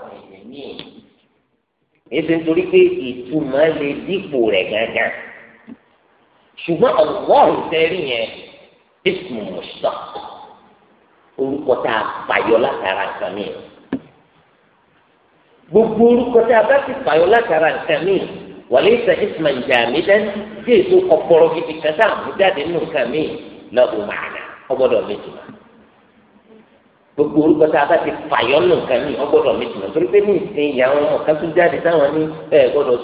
àwọn èèyàn ní èyí èsì nítorí pé ìtumọ̀ lè dípò rẹ̀ gángan ṣùgbọ́n ọ̀gbọ́n tẹ́rí yẹn ismu mushtaq orúkọ tá a fàyọ látara nǹkan mi gbogbo orúkọ tá a bá ti fàyọ látara nǹkan mi wàlẹ́ ìsà isman jamidan dé èso kọ̀pọ̀rọ̀ gidi kan tá a mú jáde nínú nǹkan mi lọ́dún màánà ọgbọ́dọ̀ méjìlá. gbogbo orúkọ tá a bá ti fàyọ nù nǹkan mi ọgbọ́dọ̀ mi tìmọ torí pé ní ìsìn ìyá wọn ọkàn tó jáde táwọn ní ẹ gbọ́dọ̀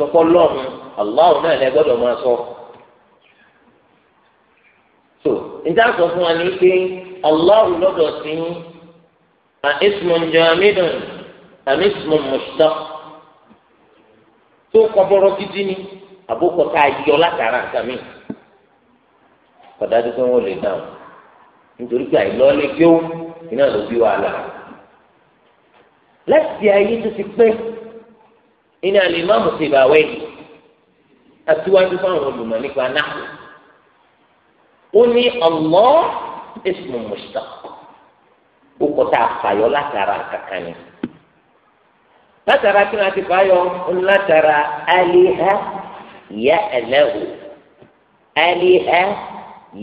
sọ so níta sọ fún wa ní pé Ọlọ́run lọ́dọ̀ sí à ismun jamidun àmì ismun mushtaq tó gidi ni àbókọ tá a yọ látara nǹkan mi lè dáhùn nítorí iná ló bí wàhálà láti ayé tó ti pé iná alimami ti bá wẹ̀ àtiwájú fáwọn olùmọ̀ nípa náà ó ní Allah ismu mushtaq ó kọ́ tá a fàyọ látara kankan ni látara kí wọn ti fàyọ látara aliha ya'lahu aliha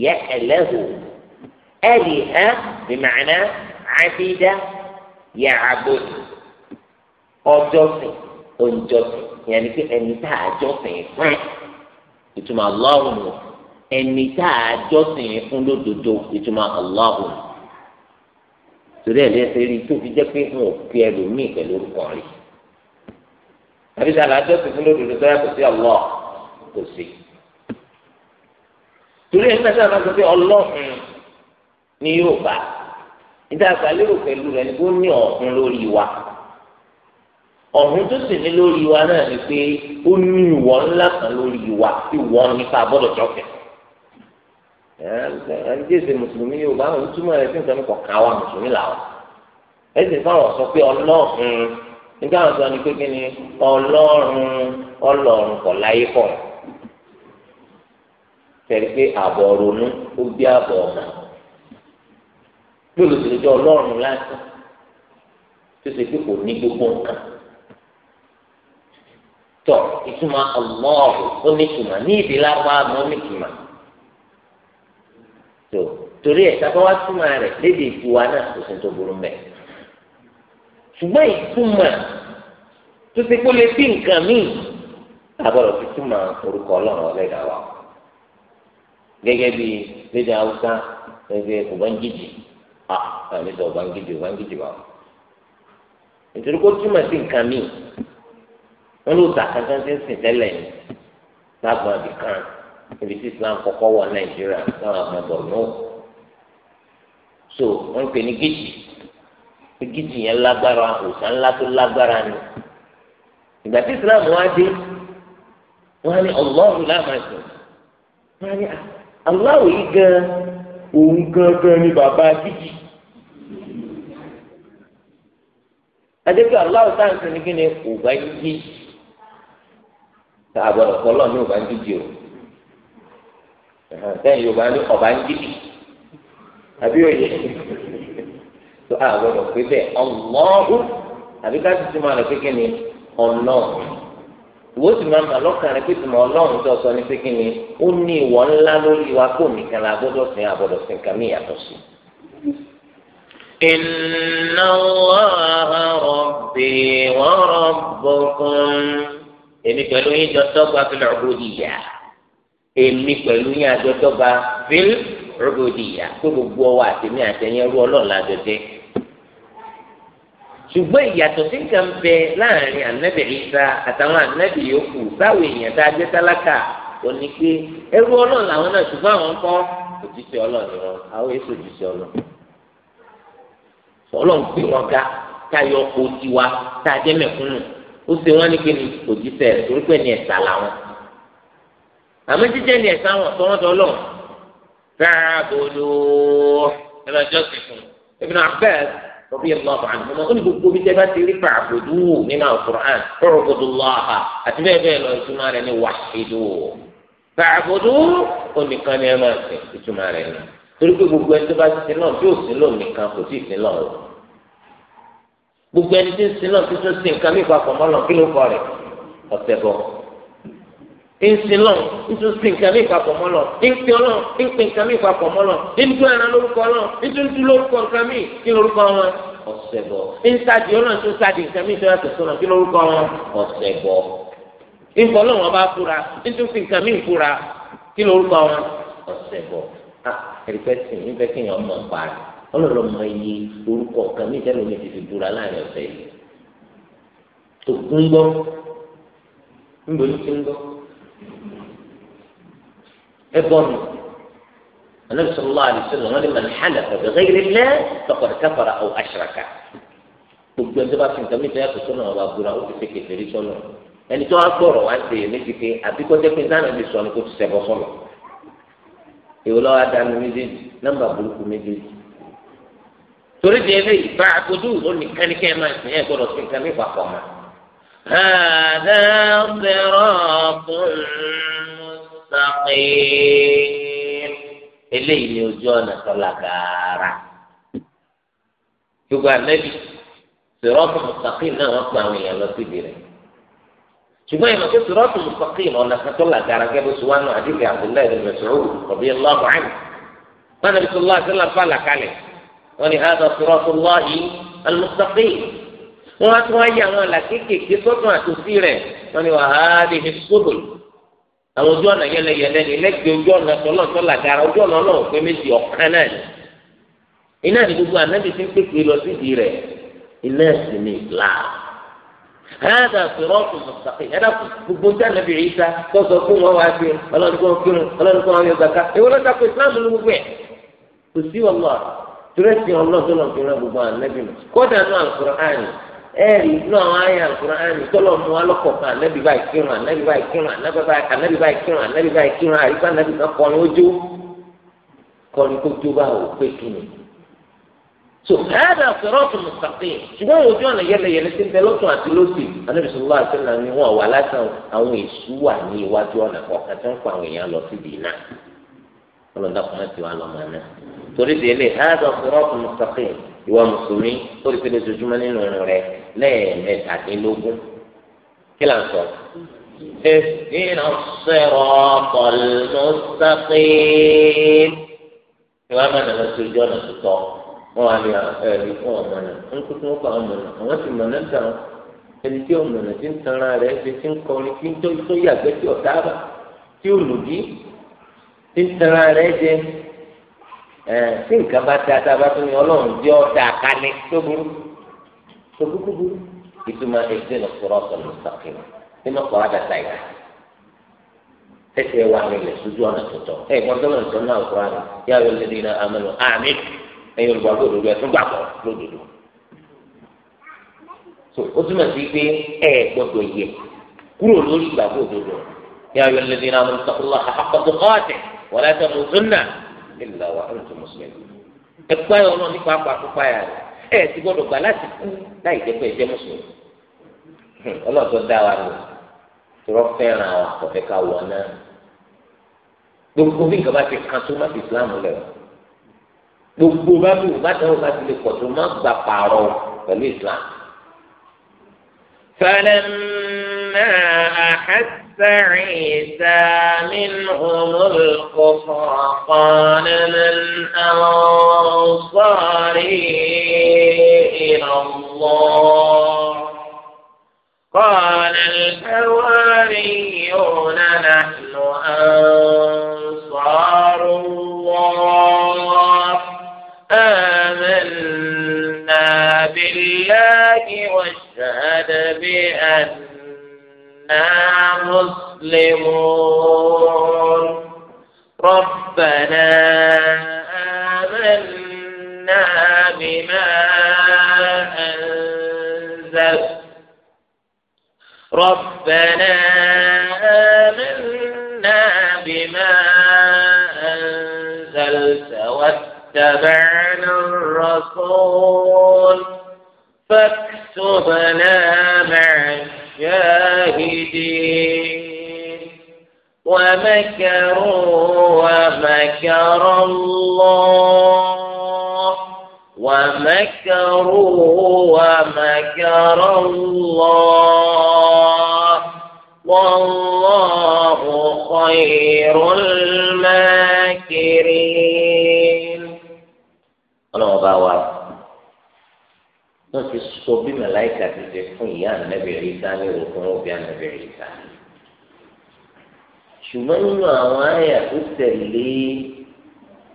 ya'lahu. أله بمعنى عبد يعبد أجوسي أجوسي يعني في أنت أجوسي ìtumọ̀ Allahu nù ẹni tá a jọ́sìn fún lódodo ìtumọ̀ Allahu nù torí ẹ̀ lẹ́sẹ̀ rí tó fi jẹ́ pé n ò pe ẹlòmíì pẹ̀lú orúkọ rẹ̀ àbí sàlá jọ́sìn fún lódodo tó yàtọ̀ sí Allah kò sí torí ẹ̀ nígbà tí a máa sọ pé ọlọ́run ní Yorùbá níta àgbàlérò pẹ̀lú rẹ̀ ni kó ní ọ̀hún lórí wa ọ̀hún tó sì ní lórí wa náà ni pé ó ní ìwọ ńlá kan lórí wa ìwọ nípa àbọ̀dọ̀ jọ̀kẹ̀ ẹnìjẹsẹ mùsùlùmí Yorùbá àwọn túmọ̀ rẹ̀ sí nǹkan nípa káwa mùsùlùmí làwọn ẹsẹ̀ fáwọn sọ pé ọlọ́run nígbà wọn sọ ni pé kí ni ọlọ́run ọlọ́run kọ̀ láyé pọ̀ tẹ̀lé pé àbọ̀ ronú ó bí àbọ̀ ọ̀nà bí olùsèlèjọ ọlọ́run lásán tó ṣe pé kò ní gbogbo nǹkan tọ ìtumọ̀ ọlọ́run ó ní ìtumọ̀ ní ìdí lápá mọ́ ní ìtumọ̀ tó torí ẹ̀ sábà wá túmọ̀ rẹ̀ léde ìtiwa náà kò sí tó burú mẹ́ ṣùgbọ́n ìtumọ̀ tó ṣe pé ó lè bí nǹkan míì àbọ̀rọ̀ fi túmọ̀ orúkọ ọlọ́run ọlẹ́dàá wa gẹ́gẹ́ bí lédè haúsá gẹ́gẹ́ kò bá ń jìjì a ah, àmì sọ bangidi o bangidi wa nítorí kó túmọ̀ sí nǹkan míì wọn ló ta kankan tí ń sìn tẹ́lẹ̀ ní lágbọn àbíkan níbi tí Islam kọ́kọ́ wọ Nàìjíríà láwọn àgbọn bọ̀nú so wọn pè ní gidi gidi yẹn lágbára òòsàn ńlá tó lágbára ni ìgbà tí Islam wá dé wọn á ní ọlọ́run láàmásùn wọn á ní ah, aláwọ̀ yìí gan-an òun gangan ni bàbá gidi. adékè aláwọ̀ sáǹsì ní kíni ògbà jíjí àbọ̀dọ̀ kọlọ̀ ní ògbà jíjí o sẹ́yìn yorùbá ní ọ̀bà jíjí àbí òye tó àbọ̀dọ̀ pé bẹ́ẹ̀ ọ̀wọ́ọ̀hún àbí ká ti ti máa lọ pé kíni ọ̀nà ìwọ sì máa mà lọ́kàn rẹ pé tìmọ̀ ọlọ́run tó sọ ní pé kí ni ó ní ìwọ ńlá lórí wa kó nìkan la gbọ́dọ̀ sìn àbọ̀dọ̀ sìn kà mí yàtọ̀ sí. inna Allaha rabbi wa rabbukum èmi pẹ̀lú yín jọ dọ́gba fil ubudiyya èmi pẹ̀lú yín àjọ dọ́gba fil ubudiyya kó gbogbo ọwọ́ àtẹ̀mí àtẹ̀yẹrú ọlọ́run lájọ dé ṣùgbọ́n ìyàtọ̀ sí nǹkan bẹ láàrin ànábì Ìsá àtàwọn ànábì yòókù báwo èèyàn tá a jẹ́ tálákà ò ní pé ẹrú ọlọ́run làwọn náà ṣùgbọ́n àwọn ń kọ́ òjíṣẹ́ ọlọ́run ni wọn àwọn èso òjíṣẹ́ ọlọ́run ọlọ́run gbé wọn ga tá a yọ ọkọ̀ ojú wa tá a jẹ́ mẹ̀kúnnù ó ṣe wọ́n ní pé ní òjíṣẹ́ rẹ̀ torí pé ní ẹ̀sà làwọn àmọ́ jíjẹ́ ní ẹ̀sà wọn tọ́wọ́n tọ́ lọ́wọ́ fẹ́ẹ́ rọbí ọlọ́ọ̀bù àdúgbò ó ní gbogbo bí tẹ́lá ti rí fàbùdù nínú alukur'an fọ̀rọ̀gbọ̀dù lọ́ha àti bẹ́ẹ̀ bẹ́ẹ̀ lọ ìtumọ̀ rẹ̀ ní wàhídù fàbùdù ó nìkan ní ẹ máa sìn ìtumọ̀ rẹ̀ ní torí pé gbogbo ẹni tó bá ti sin náà tí ò sin lóun nìkan kò tí ì sin lọ́wọ́ gbogbo ẹni tí ń sin náà tí tún sin nǹkan mí ìsìnlọ ntúnsìn nǹkan ní ìpapọ̀ mọ́ lọ ìpínlọ ìpín nǹkan ní ìpapọ̀ mọ́ lọ ìdúró ẹran lórúkọ lọ ìdúró lórúkọ nǹkan mí kí lórúkọ wọn ọ̀sẹ̀ bọ̀ ìsàdì ọlọ́run tó sàdì nǹkan mí tó yàtọ̀ sọ̀rọ̀ kí lórúkọ wọn ọ̀sẹ̀ bọ̀ ìfọ̀ ọlọ́run ọba fura ìtúnsìn nǹkan mí fura kí lórúkọ wọn ọ̀sẹ̀ bọ̀ ẹ̀rípẹ́ sìn níbẹ̀ kí èèyàn mọ̀ pa ọlọ́run mọ iye orúkọ kan mí tẹ́lẹ̀ omi ti fi láàrin ọ̀sẹ̀ ẹbọnù anabi sallallahu alaihi wasallam wọn ni man halafa bi ghayri Allah faqad kafara aw ashraka gbogbo ẹni tó bá fi nǹkan mi tẹ́yà tó sọ́nà ọba gbura ó ti ṣe kẹfẹ́rí sọ́nà ẹni tó wá gbọ́rọ̀ wá ṣe é méjì pé àbíkọ́jẹ́ pé dáná lè sọ ni kó ti ṣẹbọ sọ́nà èwo lọ́wọ́ adánú méjèèjì nọ́mbà burúkú méjèèjì torí di eléyìí bá a kojú kánikẹ́ máa ń sìn ẹ́ gbọ́dọ̀ sí nǹkan mi papọ̀ máa. هذا صراط مستقيم eléyìí ni ojú ọ̀nà sọ́la gàárà gbogbo ànábì sèrọ́ọ̀tù mùsàkìm náà wọ́n pa àwọn èèyàn lọ síbi rẹ̀ ṣùgbọ́n ìmọ̀ pé sèrọ́ọ̀tù mùsàkìm ọ̀nà kan sọ́la gàárà gẹ́gẹ́ bó ṣe wá náà àdìgbà abdullahi bin masoud ọ̀bí ọlọ́ọ̀bù àmì wọn nàbí sọ́lá sọ́la fàlà kalẹ̀ wọn ni hàdà sèrọ́ọ̀tù lọ́ọ̀hìn wọn wá tí wọn yà wọn là kéékèèké sọ́tún àtòsí rẹ̀ wọn ni wàá lè fi sóbò àwọn ojú ọ̀nà yẹlẹyẹlẹ ni lẹ́gbẹ̀ẹ́ ojú ọ̀nà tọ́lọ́tọ́ làgàrà ojú ọ̀nà ọlọ́run pé méjì ọ̀kan náà ni iná ni gbogbo anábì ti ń pèpè lọ sídìí rẹ̀ iná sì ni Islam hada sirọ́ọ̀tù mustaqim ẹ̀dá gbogbo ní anábì Ìsá tọ́sọ fún wọn wá sí ọlọ́run kó ẹ̀rí inú àwọn ayé àkùrọ̀ àmì tọ́lọ̀ mú wa lọ́kọ̀ọ̀kan ànábì báyìí kírun ànábì báyìí kírun ànábì báyìí kírun ànábì báyìí kírun àríkà ànábì kan kọrin ojú kọrin kó jó bá wò pé kíni. so ẹ̀ẹ́dà sọ̀rọ̀ tó ṣùgbọ́n ojú ọ̀nà yẹlẹyẹlẹ tí ń bẹ lọ́tún àti lọ́sì ànábì sọ̀rọ̀ àti wà látàn àwọn èṣù wà ní iwájú ọ̀nà kọ̀ọ̀kan tó ń pa ìwọ mùsùlùmí ó ti pèlè ojoojúmọ́ nínú ìrìn rẹ lẹ́ẹ̀mẹ́tàdínlógún kí là ń sọ. اهدنا الصراط المستقيم ìwà máa nàlọ́ sí ojú ọ̀nà tuntun wọn wà ní ẹ̀rí fún ọmọ náà ń kú tí wọ́n kọ́ ọmọ náà àwọn sì mọ̀ náà dàn ẹni tí ọmọ náà ti ń tanra rẹ̀ ṣe ti ń kọrin tí ń tó yàgbẹ́ tí ọ̀tá bá tí olùdí ti ń tanra rẹ̀ jẹ ẹ tí nǹkan bá da tá a bá tún ní ọlọ́run jẹ́ ọ̀dà kalẹ̀ tó burú tó burú burú ìtumọ̀ ẹgbẹ́ lọ sọ̀rọ̀ sọ̀rọ̀ sàkínà nínú ọ̀pọ̀ àdàtà ìgbà tẹ̀sẹ̀ wà nílẹ̀ sójú ọ̀nà tuntun ẹ̀ gbọ́n tó lọ́nà tó náà kúrò àná yà wọ́n lè dínà àmàlù àmì ẹ̀yìn olùgbàgbọ́ òdodo ẹ̀ tún gbàgbọ́ lódodo. so ó túmọ̀ sí pé ẹ̀ gbọ́dọ̀ yẹ kúrò lórí ìgbàgbọ́ òdodo yà wọ́n lè dínà àmàlù sàkúrò illa wa antum muslimun ẹ̀kọ́ ayọ̀ náà nípa àpapọ̀ ayà rẹ̀ ẹ̀ ti gbọ́dọ̀ gbà láti kú láì jẹ́ pé ẹ jẹ́ mùsùlùmí hmm, ọlọ́ọ̀tọ́ dá wa lò tọ́rọ fẹ́ràn àwọn àkọ́fẹ́ ká wọ náà gbogbo bí nǹkan bá ti kan tó má fi Islam lẹ̀ gbogbo bá bí ìbátan ò bá ti lè pọ̀ tó má gbà pààrọ̀ pẹ̀lú Islam. فلما فعيسى منهم الكفر قال من أنصاري إلى الله قال الحواريون نحن أنصار الله آمنا بالله واشهد بأن إنا مسلمون ربنا آمنا بما أنزل ربنا آمنا بما أنزلت واتبعنا الرسول فاكتبنا معك الشاهدين ومكروا ومكر الله ومكروا ومكر الله والله خير الماكرين wọn fi sọ bí màláìka ti ṣe fún ìyá ànábìrì sáni rò fún òbí ànábìrì sáni ṣùgbọ́n nínú àwọn àyà tó tẹ̀lé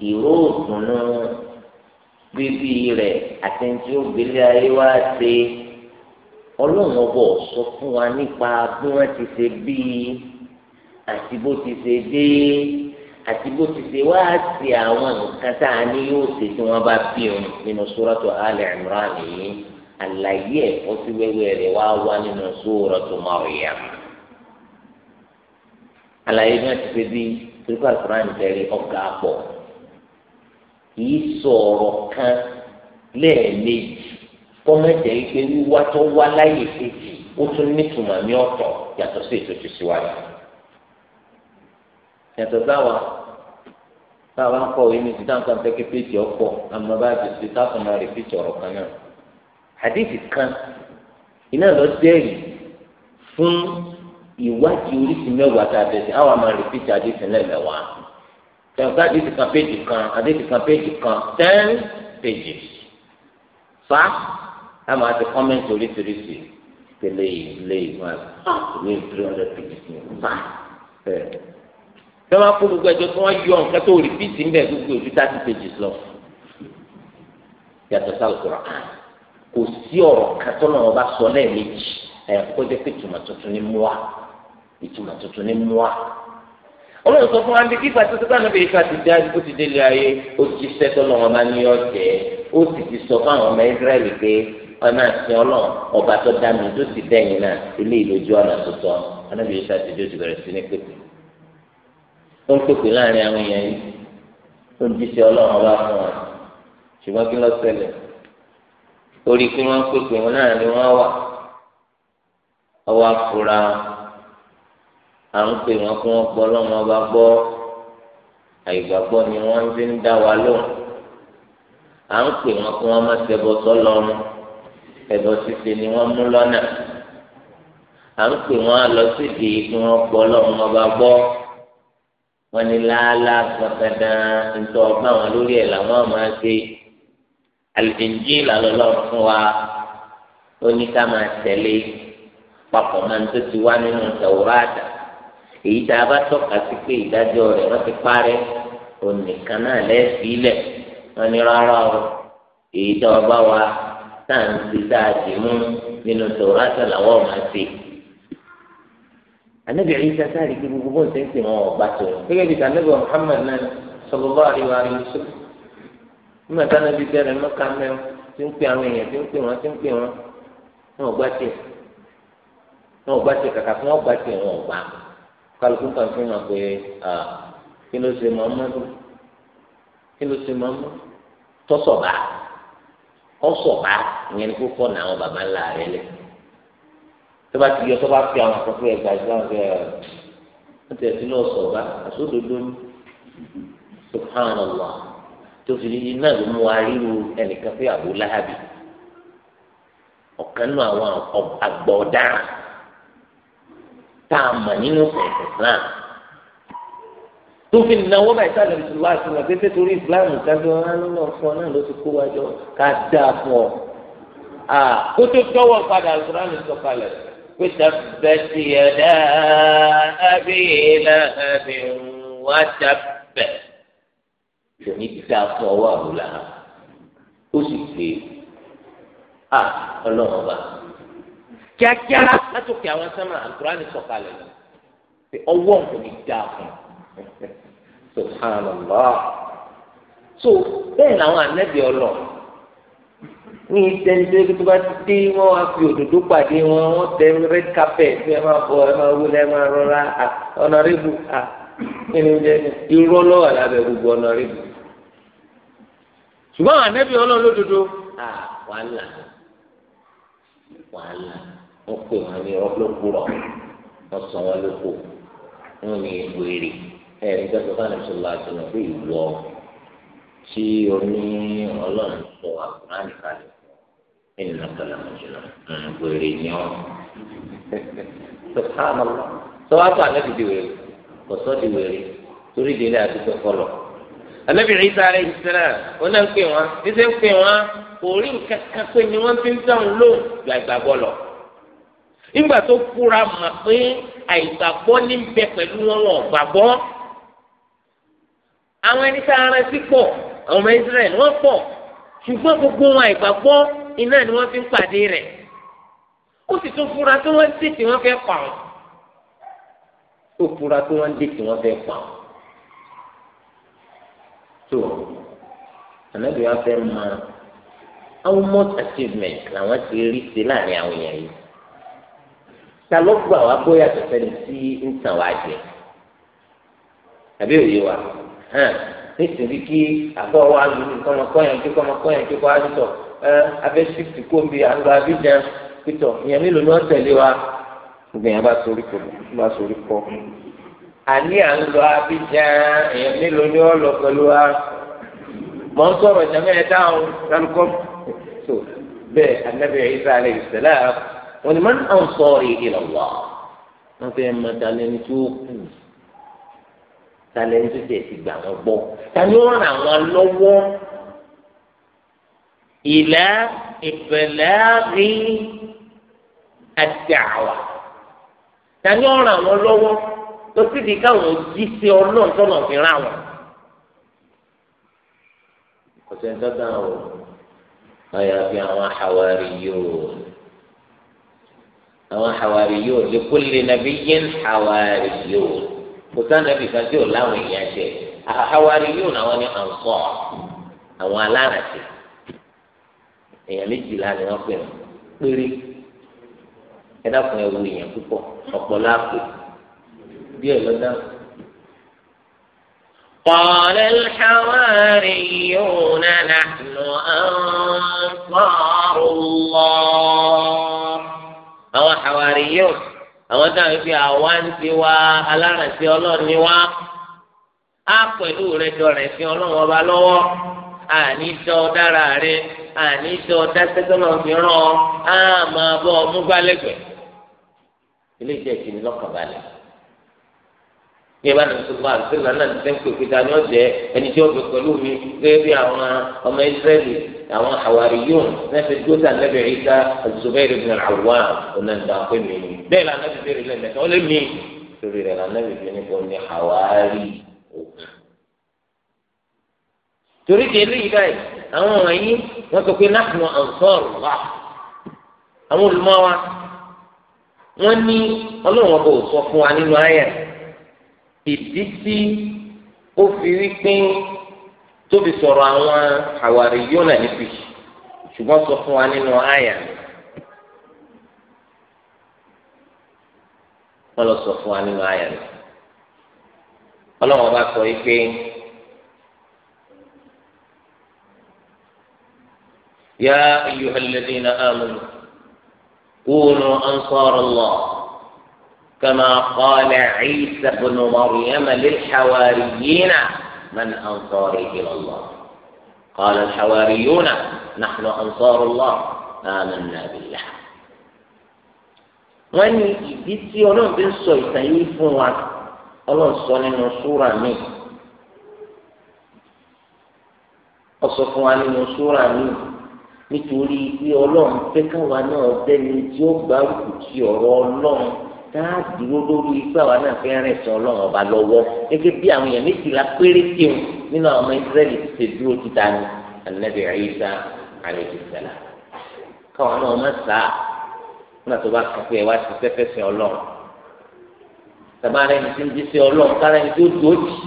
ìró òdùnnú bíbí rẹ̀ àti tí ó gbélé ayé wá ṣe ọlọ́run ọbọ̀ sọ fún wa nípa bí wọ́n ti ṣe bí àti bó ti ṣe dé àti bó ti ṣe wá sí àwọn nǹkan tá a ní yóò ṣe tí wọ́n bá bí òun nínú sóràtò alẹ imran yìí àlàyé ẹ̀kọ́ sí wẹ́wẹ́ rẹ̀ wá wá nínú sóràtò mariam àlàyé náà ti ṣe bí tìrìkọ alukuran tẹ̀lé ọ̀gá pọ̀ kìí sọ̀rọ̀ kan lẹ́ẹ̀mejì kọ́mẹ́tẹ̀ ike wíwá tó wá láyè kejì ó tún nítumọ̀ ní ọ̀tọ̀ yàtọ̀ sí ètò ìṣíwájú yàtọ̀ sáwọn tá a bá ń kọ òye ní ìdíjà nǹkan fẹ́ kí péjì ọ̀pọ̀ àmọ́ bá ti ṣe táwọn máa rí péjì ọ̀rọ̀ kan náà àdéhì kan iná lọ dẹ́rì fún ìwádìí oríṣi mẹ́wàá tá a tẹ̀sí àwọn máa rí péjì àdéhì lẹ́mẹ̀wàá tẹ̀sí àdéhì kan péjì kan àdéhì kan péjì kan ten pages fa àmọ́ àti comment oríṣiríṣi tẹ̀lé yìí lé ìwádìí three hundred pages ní fa bẹ́ẹ̀ tí wọ́n kó gbogbo ẹjọ́ tí wọ́n yọ nǹkan tó rí fíìsì ń bẹ̀ gbogbo ojú thirty pages lọ yàtọ̀ sáà lùkùrọ̀ kò sí ọ̀rọ̀ kan tó náà wọ́n bá sọ lẹ́ẹ̀mejì ẹ̀yà kó jẹ́ pé ìtumọ̀ tuntun ní mú wa ìtumọ̀ tuntun ní mú wa ọlọ́run sọ fún wa bí kíkà tó sọ́kà náà bèèrè ká ti dá ibi tó ti délé ayé ó ti ṣiṣẹ́ tó lọ́wọ́ máa ní ọ̀jẹ́ ó sì ti sọ fún àwọn ọmọ Ísírẹ́lì pé ọ̀nà àti ọlọ́run ọba tó dá mi tó ti dẹ́yìn náà ilé ìlójú ọ̀nà tó tọ́ ọ̀nà bèèrè ká ti dé ojú bẹ̀rẹ̀ sí ní pẹ̀tẹ́. ó ń pèpè láàrin àwọn èèyàn yìí ó ń jíṣẹ́ ọlọ́run ọba fún wa ṣùgbọ́n kí ló ṣẹlẹ̀ orí pé wọ́n ń pèpè wọn náà ni wọ́n wà ọwọ́ àfúrà à ń pè wọ́n kí wọ́n gbọ́ ọlọ́run ọba gbọ́ àìgbàgbọ́ ni wọ́n fi ń dá wa lóhùn à ń pè wọ́n kí wọ́n má ṣẹbọ ẹbọ ṣíṣe ni wọ́n mú lọ́nà à ń pè wọ́n lọ kí wọ́n ọba gbọ́. wọn ni làálàá sọkàdà ntọ ọgbà wọn lórí ẹ làwọn máa ṣe alìjẹnjì làlọlọ fún wa ó ní ká máa tẹ̀lé papọ̀ máa ń tó ti wá nínú tàwùràdà èyí tá a bá tọ́ka sí pé ìdájọ́ rẹ̀ wọ́n ti parẹ́ onìkan náà lẹ́ẹ̀fì lẹ̀ wọ́n ní rárá o èyí tá a wa tá à ń ti dáa dì mú nínú tàwùràdà làwọn máa ṣe anabi Isa sáré kí gbogbo bó ń ṣe ń sè wọn ọgbà tó yẹn gẹ́gẹ́ bí anabi Muhammad náà sallallahu alaihi wa sallam nígbà tí anabi bẹ̀rẹ̀ mọkà mẹwọn tí ń pè àwọn èèyàn tí ń pè wọn tí ń pè wọn wọn ọgbà tiẹ̀ wọn ọgbà tiẹ̀ kàkà fún ọgbà tiẹ̀ wọn ọgbà kálukú kan fún wọn pé kí ló ṣe Muhammadu kí ló ṣe Muhammadu tọ́sọ̀bà ọ̀sọ̀bà ìyẹn ni kó fọ́ nà àwọn baba ńlá rẹ̀ lẹ́yìn tó bá ti yọ tó bá fi àwọn àkọ́kọ́ ẹ̀ gbà sílá ọ̀gá ẹ̀ wọ́n ti ẹ̀sìn náà sọ̀ bá àsódodo ní subhanallah tó fi ní iná ló mú aríru ẹnìkan fún Abu Lahabi ọ̀kan nù àwọn àgbà ọ̀daràn tá a mọ̀ nínú ẹ̀sìn Islam tó fi náwó báyìí sáà lẹ́yìn ìṣúná àti ìmọ̀ pépé torí Islam kájọ ńlọ fún náà ló ti kó wájọ ká dáa fún ọ kótó tọwọ́ padà Al-Qur'an وتبت يدا أبي لهب وتب يعني تصوره لها أسف آه الله أبا كاكيا أتوكي أولا سمع القرآن سوكالي في أول من سبحان الله سو بين أولا نبي الله ní ìtẹ́nudé tó bá ti dé wọ́n wá fi òdòdó pàdé wọn wọ́n tẹ red carpet fún ẹ máa bọ ẹ máa wúlò ẹ máa rọra honorable à nínú jẹ irọ́ lọ́wọ́ lábẹ́ gbogbo honorable. ṣùgbọ́n àwọn anẹ́bí ọlọ́run lódodo à wàhálà wàhálà wọ́n pè wọ́n ní ọlọ́kùrọ̀ wọ́n sọ wọ́n lóko wọ́n ní ìwéèrè ẹ̀rí gbẹ́sọ̀ fún àlẹ́ sọ̀rọ̀ àti ọ̀nà fún ìlú ọ tí oní ọlọ́run sọ àkùrán nìkan lọ ẹnìyàn kọlá mọ̀jùlọ wèrè ni ọ sọfàmọlọ sọwọ́pọ̀ anábì di wèrè kọ̀sọ́ di wèrè torí délé àdúgbò kọlọ. anábì Ìsá alayhi salam wọn náà ń pè wọn ṣíṣe ń pè wọn kò rí nǹkan kan pé ni wọ́n fi ń dáhùn lóhùn gba ìgbàgbọ́ lọ. nígbà tó fura mà pé àìgbàgbọ́ ní ń bẹ pẹ̀lú wọn wọn gbàgbọ́. àwọn ẹni tá a rẹ sí pọ̀ àwọn ọmọ Israẹli wọ́n pọ̀ ṣùgbọ́n gbogbo wọn àìgbàgbọ́ iná ni wọ́n fi ń pàdé rẹ̀ ó sì tún fura tó wọ́n dé tí wọ́n fẹ́ pa wọn ó fura tó wọ́n dé tí wọ́n fẹ́ pa wọn tó ànábì wa fẹ́ mọ how much achievement làwọn ti rí sí láàrin àwọn èèyàn yìí ta ló gbà wá bóyá tẹ̀sẹ̀ ní sí ń tàn wá jẹ àbí òye wa nísìnyí kí àbọ̀ wa lù ní kọ́mọkọ́yàn kí kọ́mọkọ́yàn kí kọ́ á abẹ́ ṣífì kóńbi àlọ́ abidjan pétọ̀ ìyẹn mélòó ni wọ́n tẹ̀lé wa gbogbo yẹn bá sórí kọ bá sórí kọ. àní àlọ́ abidjan ìyẹn mélòó ni wọ́n lọ pẹ̀lú wa mọ̀ ń sọ̀rọ̀ ìjàmbá ẹ̀ dáhùn lálùkọ́ tó bẹ́ẹ̀ anabi Isa alayhi salam wọ́n ni man ansari ila Allah wọ́n fẹ́ máa dalẹ̀ ní tó kù dalẹ̀ ní tó tẹ̀ sí gbà wọ́n gbọ́ إلى إبلاغ الدعوة tani ọ̀ràn àwọn lọ́wọ́ tó sì di káwọn jíṣẹ́ Ọlọ́run tọnà fi ràn wọn. ọ̀sẹ̀ dọ́gba o àyàfi àwọn àwárí yóò àwọn àwárí yóò lè kó lè nàbí yẹn àwárí yóò kò sáà nàbí kan tí ò láwọn èèyàn ṣe àwárí yóò làwọn ní àǹfọ̀ àwọn alárànṣẹ́ èèyàn méjìlá ni wọ́n pè wọ́n péré ẹ dákun ẹ wo èèyàn púpọ̀ ọ̀pọ̀ láàpè díẹ̀ lọ́dá. قال الحواريون نحن أنصار الله أو حواريون àwọn táwọn fi àwa ń tiwa alárànṣẹ ọlọ́run ni wá á pẹ̀lú rẹ jọ rẹ fi ọlọ́run ọba lọ́wọ́ àní jọ dára rẹ àní tó dáṣẹ́ tó lọ́n fi rán ọ á máa bọ́ ọ mú gbálẹ́gbẹ̀ẹ́ ilé ìjẹ́ ìkíni lọ́kànbalẹ̀ bí ẹ bá nàìjíríà sọgbà àti sọgbà náà ti sẹ́ńpẹ̀ pé ta ni ó jẹ ẹni tí ó bẹ pẹ̀lú mi gẹ́gẹ́ bí àwọn ọmọ ìsírẹ́lì àwọn hawariyun náà fi dúró sàn lẹ́bẹ̀ẹ́ ìta Zubair ibn al-Awwam onáńdà pé mi bẹ́ẹ̀ la torí di eléyìí báyìí àwọn wọ̀nyí wọ́n sọ pé nahnu ansarullah àwọn olùmọ́wa wọ́n ní ọlọ́run ọba ò sọ fún wa nínú ayẹ̀ ìdí tí ó fi rí pín tóbi sọ̀rọ̀ àwọn àwárí yóò nà níbi ṣùgbọ́n sọ fún wa nínú àyà wọ́n lọ sọ fún wa nínú àyà rẹ̀ ọba sọ yìí pé. يا أيها الذين آمنوا كونوا أنصار الله كما قال عيسى بن مريم للحواريين من أنصاري إلى الله قال الحواريون نحن أنصار الله آمنا بالله wọ́n ní ìdí tí ọlọ́run fi ń sọ ìtàn yìí fún wa ọlọ́run sọ nínú súra mi ọ sọ fún wa nínú súra mi nítorí pé ọlọ́run fẹ́ káwa náà dẹ́ni tí ó gbà kù kí ọ̀rọ̀ ọlọ́run tá a dúró lórí ipá wa náà fẹ́ rìn sọ ọlọ́run ọba lọ́wọ́ gẹ́gẹ́ bí àwọn èèyàn méjìlá péré tíun nínú àwọn ọmọ Ísírẹ́lì ti ṣe dúró títa ni Ànábì Ìsá alayhi salam náà má sá nígbà tó bá kàn pé wá ti fẹ́fẹ́ sin ọlọ́run tàbá rẹ ní ti ń dísẹ́ ọlọ́run kára ẹni tó dúó tì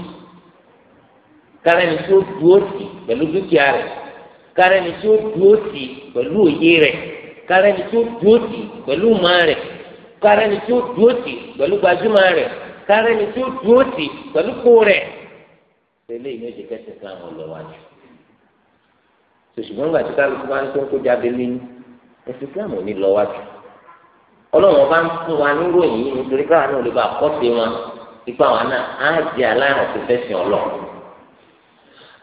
kára ẹni tó dúó tì pẹ̀lú dúkìá rẹ̀ kárẹ́ni tí ó dúró tì pẹ̀lú òye rẹ̀ kárẹ́ni tí ó dúró tì pẹ̀lú ìmọ̀ rẹ̀ kárẹ́ni tí ó dúró tì pẹ̀lú gbajúmọ̀ rẹ̀ kárẹ́ni tí ó dúró tì pẹ̀lú kó rẹ̀ tẹ́lẹ̀ ìní òjì kẹ́sì Islam ọlọ́wájú ṣùgbọ́n gbàtí kálukú bá ń tó ń kó jáde lẹ́nu ẹ̀sìn Islam ò ní lọ́wájú ọlọ́run bá ń fún wa ní ròyìn nítorí káwọn náà lè bá àkọ́sí ipa wọn náà á jẹ alárùn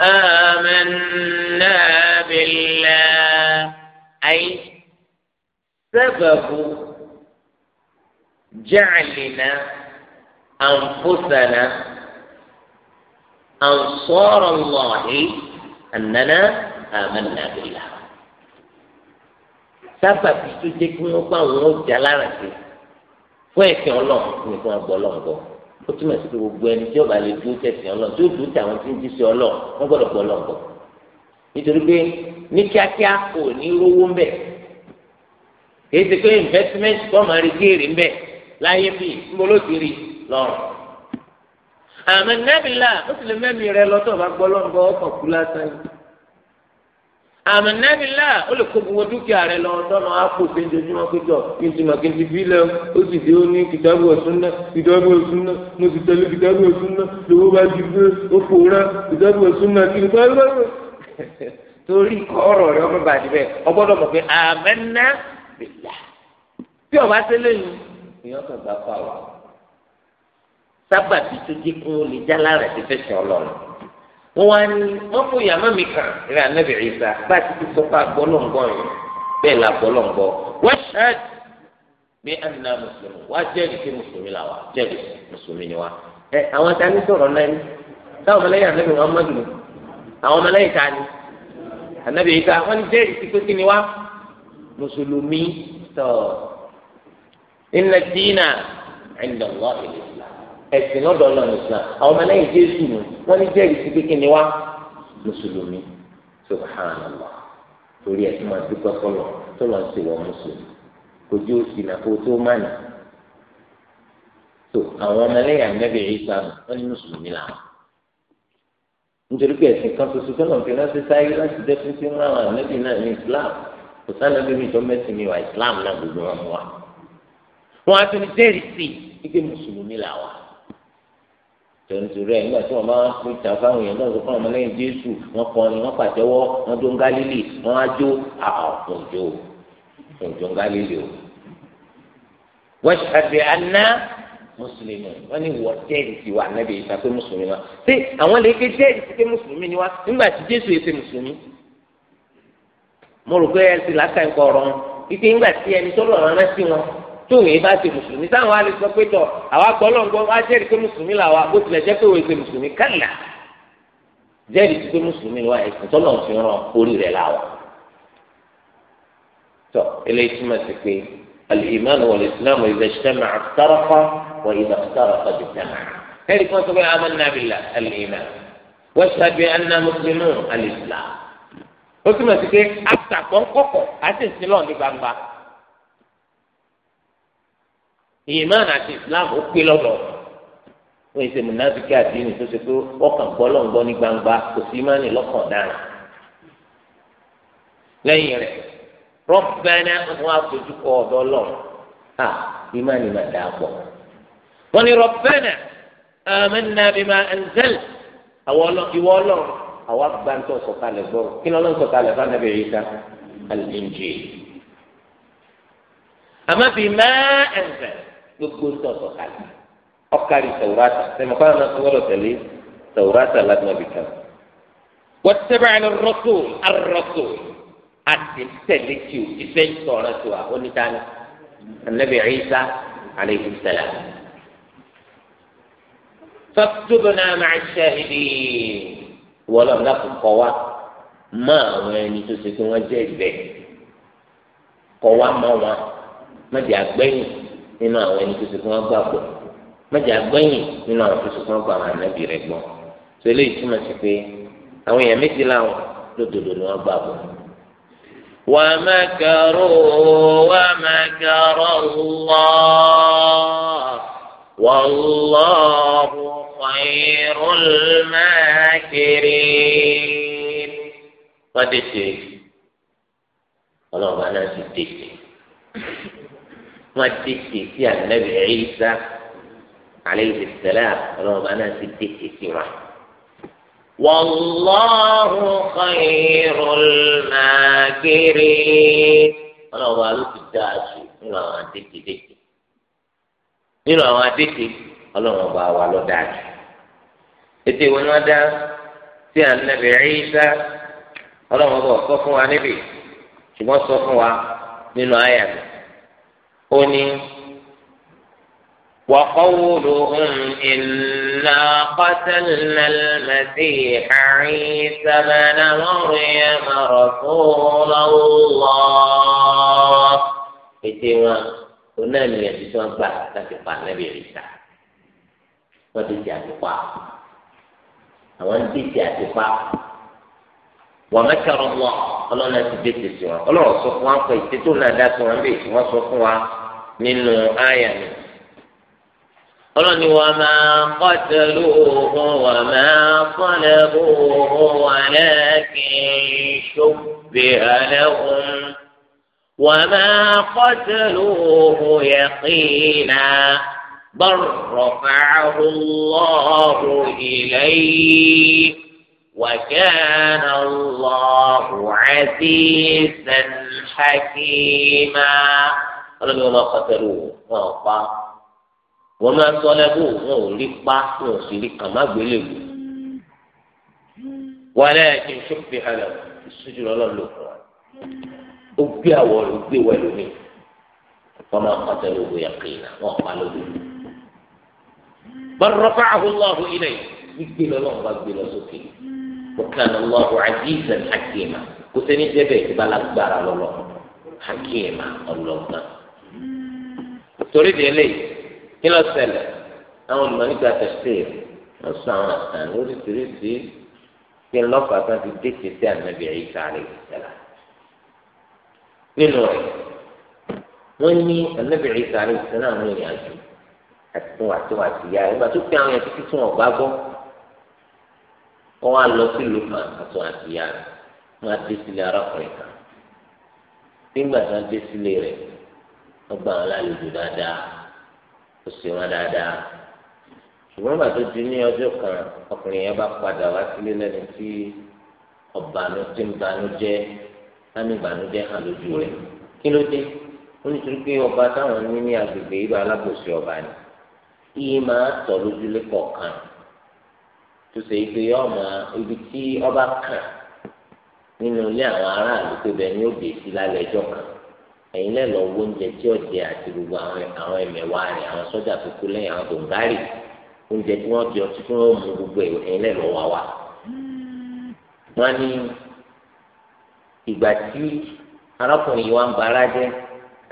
آمنا بالله أي سبب جعلنا أنفسنا أنصار الله أننا آمنا بالله sábà tí tó jẹ́ kí wọ́n gbà wọ́n jà lára sí fún ẹ̀sìn ọlọ́run nìkan ọgbọ́ ọlọ́run gbọ́ ó túmọ̀ sí pé gbogbo ẹni tí ọba lè dúró tẹ̀sí ọlọ́run tí ó dúró tàwọn tí ń jí sí ọlọ́run wọ́n gbọ́dọ̀ pọ̀ lọ́pọ̀ nítorí pé ní kíákíá kò ní rówó ń bẹ̀ kìí ṣe pé investment tó máa rí géèrè ń bẹ̀ láyé bíi ńbọ́ló ti rí lọ́rùn. àmọ́ nẹ́bìlà mùsùlùmí mẹ́mi rẹ lọ́tọ̀ bá gbọ́ lọ́ngbọ́ ọkọ̀ kú lásán yìí àmàlẹ́bílà ó lè kó gbogbo dúkìá rẹ lọ dọ́nà àpò péjọjúmọ́ péjọ kìntìmọ̀ kìntì bílẹ̀ ó sì dé ó ní kìtàbù ọ̀tún náà kìtàbù ọ̀tún náà mo sì tẹ̀lé kìtàbù ọ̀tún náà lówó bá ti gbé ó pòórá kìtàbù ọ̀tún náà kìtàbù ọ̀tún náà. torí ọ̀rọ̀ rẹ ọmọ bàdí bẹ́ẹ̀ ọgbọ́dọ̀ mọ̀ pé àmàlẹ́bílà bí ọba tẹ́lẹ̀ yìí èèyàn kàn gbà fáwọn wọn wá ní wọn fún yàrá mi kàn rẹ anabi Isa bá a ti fi sọ fún agbọlọngbọ yìí bẹ́ẹ̀ la agbọlọngbọ wọn ṣáàd bí anna mùsùlùmí wá jẹ́rìí sí mùsùlùmí là wá jẹ́rìí sí mùsùlùmí ni wá. ẹ àwọn ta ni sọ̀rọ̀ náà ni táwọn ọmọlẹ́yìn anabi wọn mọ dùn àwọn ọmọlẹ́yìn ta ni anabi Isa wọn ní jẹ́rìí sí pé kí ni wá mùsùlùmí tọ inna dínà inda Allah ẹ̀sìn lọ́dọ̀ ọlọ́run islam àwọn ọmọ lẹ́yìn jésù nù wọ́n ní jẹ́rìí sí pé kí ni wá mùsùlùmí subhanallah torí ẹ̀sìn máa dúpẹ́ fọlọ́ tó lọ́n sì wọ́n mùsùlùmí kò jí ó sì nàkó tó má nà tó àwọn ọmọ lẹ́yìn ànábì Ìsá wọ́n ní mùsùlùmí làwọn nítorí pé ẹ̀sìn kan tuntun tó lọ́n fi ránṣẹ́ sáyé láti jẹ́ fún sínú àwọn ànábì náà ní islam kò sánàbí mi tó mẹ́sìn mi wà islam náà gbogbo wọn wà wọn á tún jẹ́rìí sí tẹ̀síntìrì ẹ̀ nígbà tí wọ́n máa ń pín ìtàn fáwọn èèyàn náà lọ́kọ́ ọmọlẹ́yìn jésù wọ́n kọrin wọ́n pàtẹ́wọ́ wọ́n dún gálílì wọ́n á jó àkùnjó òjò gálílì o. wọ́n ṣàbẹ̀ aná mùsùlùmí wọ́n ní wọ́n jẹ́rìí sí wa anábì ìta pé mùsùlùmí wa ṣé àwọn lè ké jẹ́rìí pé mùsùlùmí ni wa nígbà tí jésù yẹ pé mùsùlùmí. mo rò pé ẹ ti làákà ń kọ tóun yìí bá ṣe mùsùlùmí táwọn á lè sọ pé tọ àwa gbọ́lọ̀ ń gbọ́ wá jẹ́rìí pé mùsùlùmí làwa bó tilẹ̀ jẹ́ pé òun ṣe mùsùlùmí kálá jẹ́rìí ti pé mùsùlùmí làwa ẹ̀sìn tọ́lọ̀ fi ràn orí rẹ̀ làwa. tọ eléyìí túmọ̀ sí pé al-iman wal-islam idha ijtama'a iftaraqa wa ẹ̀rí kan sọ pé amanna billah al-iman ìmáànì àti islam ó pé lọ́dọ̀ wọ́n ṣe mùnàfíkì àdínì tó ṣe pé ọkàn gbọ́ lọ́ngbọ́ ní gbangba kò sí ìmáànì lọ́kàn dára lẹ́yìn rẹ̀ rọ́bẹ́nà wọn àtòjúkọ ọ̀dọ́ lọ à ìmáànì máa dáa pọ̀ wọ́n ní rọ́bẹ́nà amanna bima anzal ìwọ ọlọ́run àwa gbàǹtọ̀ sọ̀kalẹ̀ gbọ́ kí lọ́lọ́ sọ̀kalẹ̀ fún anabi Isa al-Injil gbogbo ńtọ̀ sọ̀kalẹ̀ ọ̀kari tẹ̀wúrátà sẹ̀mọ̀kọ́ àwọn náà sọ̀rọ̀ tẹ̀lé tẹ̀wúrátà ládùmọ̀bì kan. wọ́n ti sẹ́bẹ̀ àná rọ́tò arọ́tò àti tẹ̀lé tí o ti fẹ́ sọ̀rọ̀ tó a onídàáni anabi Isa aleyhi salam. faktubna ma'a shahidin wọlé ọ̀nà kò kọ́ wa máa àwọn ẹni tó ṣe pé wọ́n jẹ́ ìbẹ́ kọ́ wa máa di àgbẹ̀yìn nínú àwọn ẹni tó ti fún wọn gbàgbọ́ mẹ́jọ agbẹ̀yìn nínú àwọn tó ti fún wọn gbà wọn ànábì rẹ̀ gbọ́ tó eléyìí túmọ̀ sí pé àwọn èèyàn méjì láwọn lódodo ni wọn gbàgbọ́. ومكروا ومكر الله والله خير الماكرين قد تيجي ọlọ́run bá náà ti tètè wọn tètè sí anabi ẹyíṣà aleyhi sẹlẹm ọlọmọba náà ti tètè sí wọn. والله خير الماكرين ọlọ́wọ́ ló ti dá aṣọ nínú àwọn adékèdékè nínú àwọn adékè ọlọ́wọ́ bá wa lọ dá aṣọ ètò ìwé ni wọ́n dá sí ànábì ẹ̀yíṣà ọlọ́wọ́ bọ̀ sọ fún wa níbi ṣùgbọ́n sọ fún wa nínú àyà mi ó ní وقولهم إنا قتلنا المسيح عيسى بن مريم رسول الله ètè wọn onáà ní ẹbí tí wọn gbà láti pa nẹbí ìrìsà wọn ti di àtìpá àwọn ń di di àtìpá wọn mẹkẹrọ wọn ọlọ́run ti dé tètè wọn ọlọ́run sọ fún wọn pé ètè náà dá sí wọn bẹ́ẹ̀ tí wọn sọ fún wa nínú àyà mi ọlọ́ni wa máa kọ́tẹ́lú òhun wa máa kọ́lẹ́bù òhun wa lẹ́kìn ṣùgbẹ́ ẹlẹ́hùn wa máa kọ́tẹ́lú òhun yẹ̀kìnà bọ́rọ̀fàáhù lọ́ọ̀rù ìlẹ́yìí وكان الله عزيزا حكيما ọlọ́ni wọn máa kọ́tẹ́rù wọn ò pa wọn máa sọ lẹ́bù wọn ò rí pa wọn ò sì rí kàn má gbélé wò wọn lẹ́yìn kí n ṣe fi hàn án ìṣújú ọlọ́run ló fún wa ó gbé àwọ̀ rẹ̀ ó gbé wẹ̀ lómi wọn máa kọ́tẹ́rù wọn yà kéèyàn wọn ò pa lóde. bọ́n rọ́pá àhúlọ́ọ̀hún ilẹ̀ gbígbé lọ́lọ́run bá gbé lọ sókè وكان الله عزيزا حكيما كنت نجيب بلغ بار الله حكيما الله torí di eléyìí kí ló ṣẹlẹ̀ àwọn olùmọ̀ nígbà tẹ̀sí wọ́n sọ àwọn àtàn lóríṣiríṣi kí lọ́fàá tó ti dé ti sí ànábì ẹ̀yí sáré ìṣẹ̀lá nínú rẹ̀ wọ́n ní ànábì ẹ̀yí sáré ìṣẹ̀lá àwọn èèyàn jù àti fún àtiwọ́ àti ìyá rẹ̀ gbàtú pé àwọn ẹ̀sìn tún ọ̀gbá gbọ́ wọ́n wá lọ sí lùmọ̀ àtọ̀ àti ìyá rẹ̀ wọ́n á dé sílé arákùnrin kan nígbà tí wọ́n dé sílé rẹ̀ wọ́n gbà wọn lálejò dáadáa ó sì wọn dáadáa ṣùgbọ́n bàtà di ní ọjọ́ kan ọkùnrin yẹn bá padà wá sílé lẹ́nu tí ọ̀bànú tí ń banújẹ́ lámì ìbànújẹ́ hàn lójú rẹ̀ kí ló dé ó nítorí pé ọba táwọn ní ní agbègbè ibà alábòsí ọba ni iye máa tọ̀ lójúlé kọ̀ọ̀kan tó ṣe pé ọmọ ibi tí ọba kàn nínú ilé àwọn aráàlú pé bẹ́ẹ̀ ni ó dé sí lálẹ́ ẹjọ́ kan ẹ̀yin lẹ lọ wo oúnjẹ tí ọdẹ àti gbogbo àwọn ẹmẹ̀wà rẹ̀ àwọn sọ́jà tó kú lẹ́yìn àwọn bòǹgárì oúnjẹ tí wọ́n di ọtí tí wọ́n mú gbogbo ẹ̀yin lẹ lọ wá wa. wọ́n ní ìgbà tí arákùnrin yìí wá ń bara jẹ́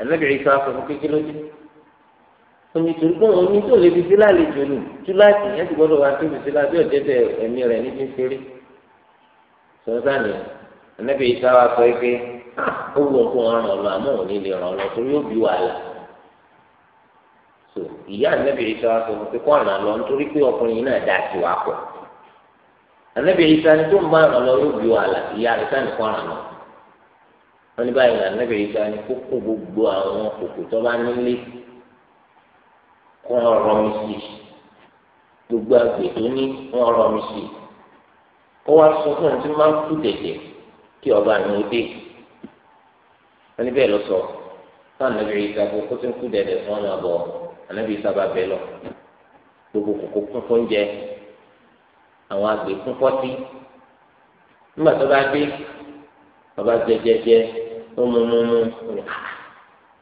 anábìrin sọ afọ fún kékeré lójú omi tó gbọ́n omi tó lè fi sí lálejò nù túláàtì yẹn ti gbọ́dọ̀ wá tóbi sí lábẹ́ ọ̀dẹ́dẹ́ ẹ̀mí rẹ̀ níbi ń ṣeré sọ́sánì anábìrin sọ afọ ẹgbẹ́ ó wọ kó ọràn lọ àmọ́ òní lè ràn lọ torí ó bí wàhálà so ìyá ànábì ìsá wa sọ fún pé kó ọràn lọ nítorí pé ọkùnrin náà dá sí wa pọ̀ ànábì ìsá ni tó ń bá ọràn lọ yóò bí wàhálà ìyá àrísá ni kó ọràn lọ wọn ní báyìí ànábì ìsá ni kó kó gbogbo àwọn kòkò tó bá nílé kó ọrọ mi sí gbogbo àgbè tó ní kó ọrọ mi sí kó wá sọ fún ẹni tí wọn máa ń kú tètè kí ọba àná ó dé ẹni bẹ́ẹ̀ lọ sọ fún anabi isa bó kó tó ń kú dẹ̀dẹ̀ fún ọmọ àbọ̀ anabi isa bá bẹ́ẹ̀ lọ gbogbo kòkó kún fún oúnjẹ àwọn àgbè kún pọ́tí nígbà tó bá dé bàbá jẹjẹjẹ ó mú mú mú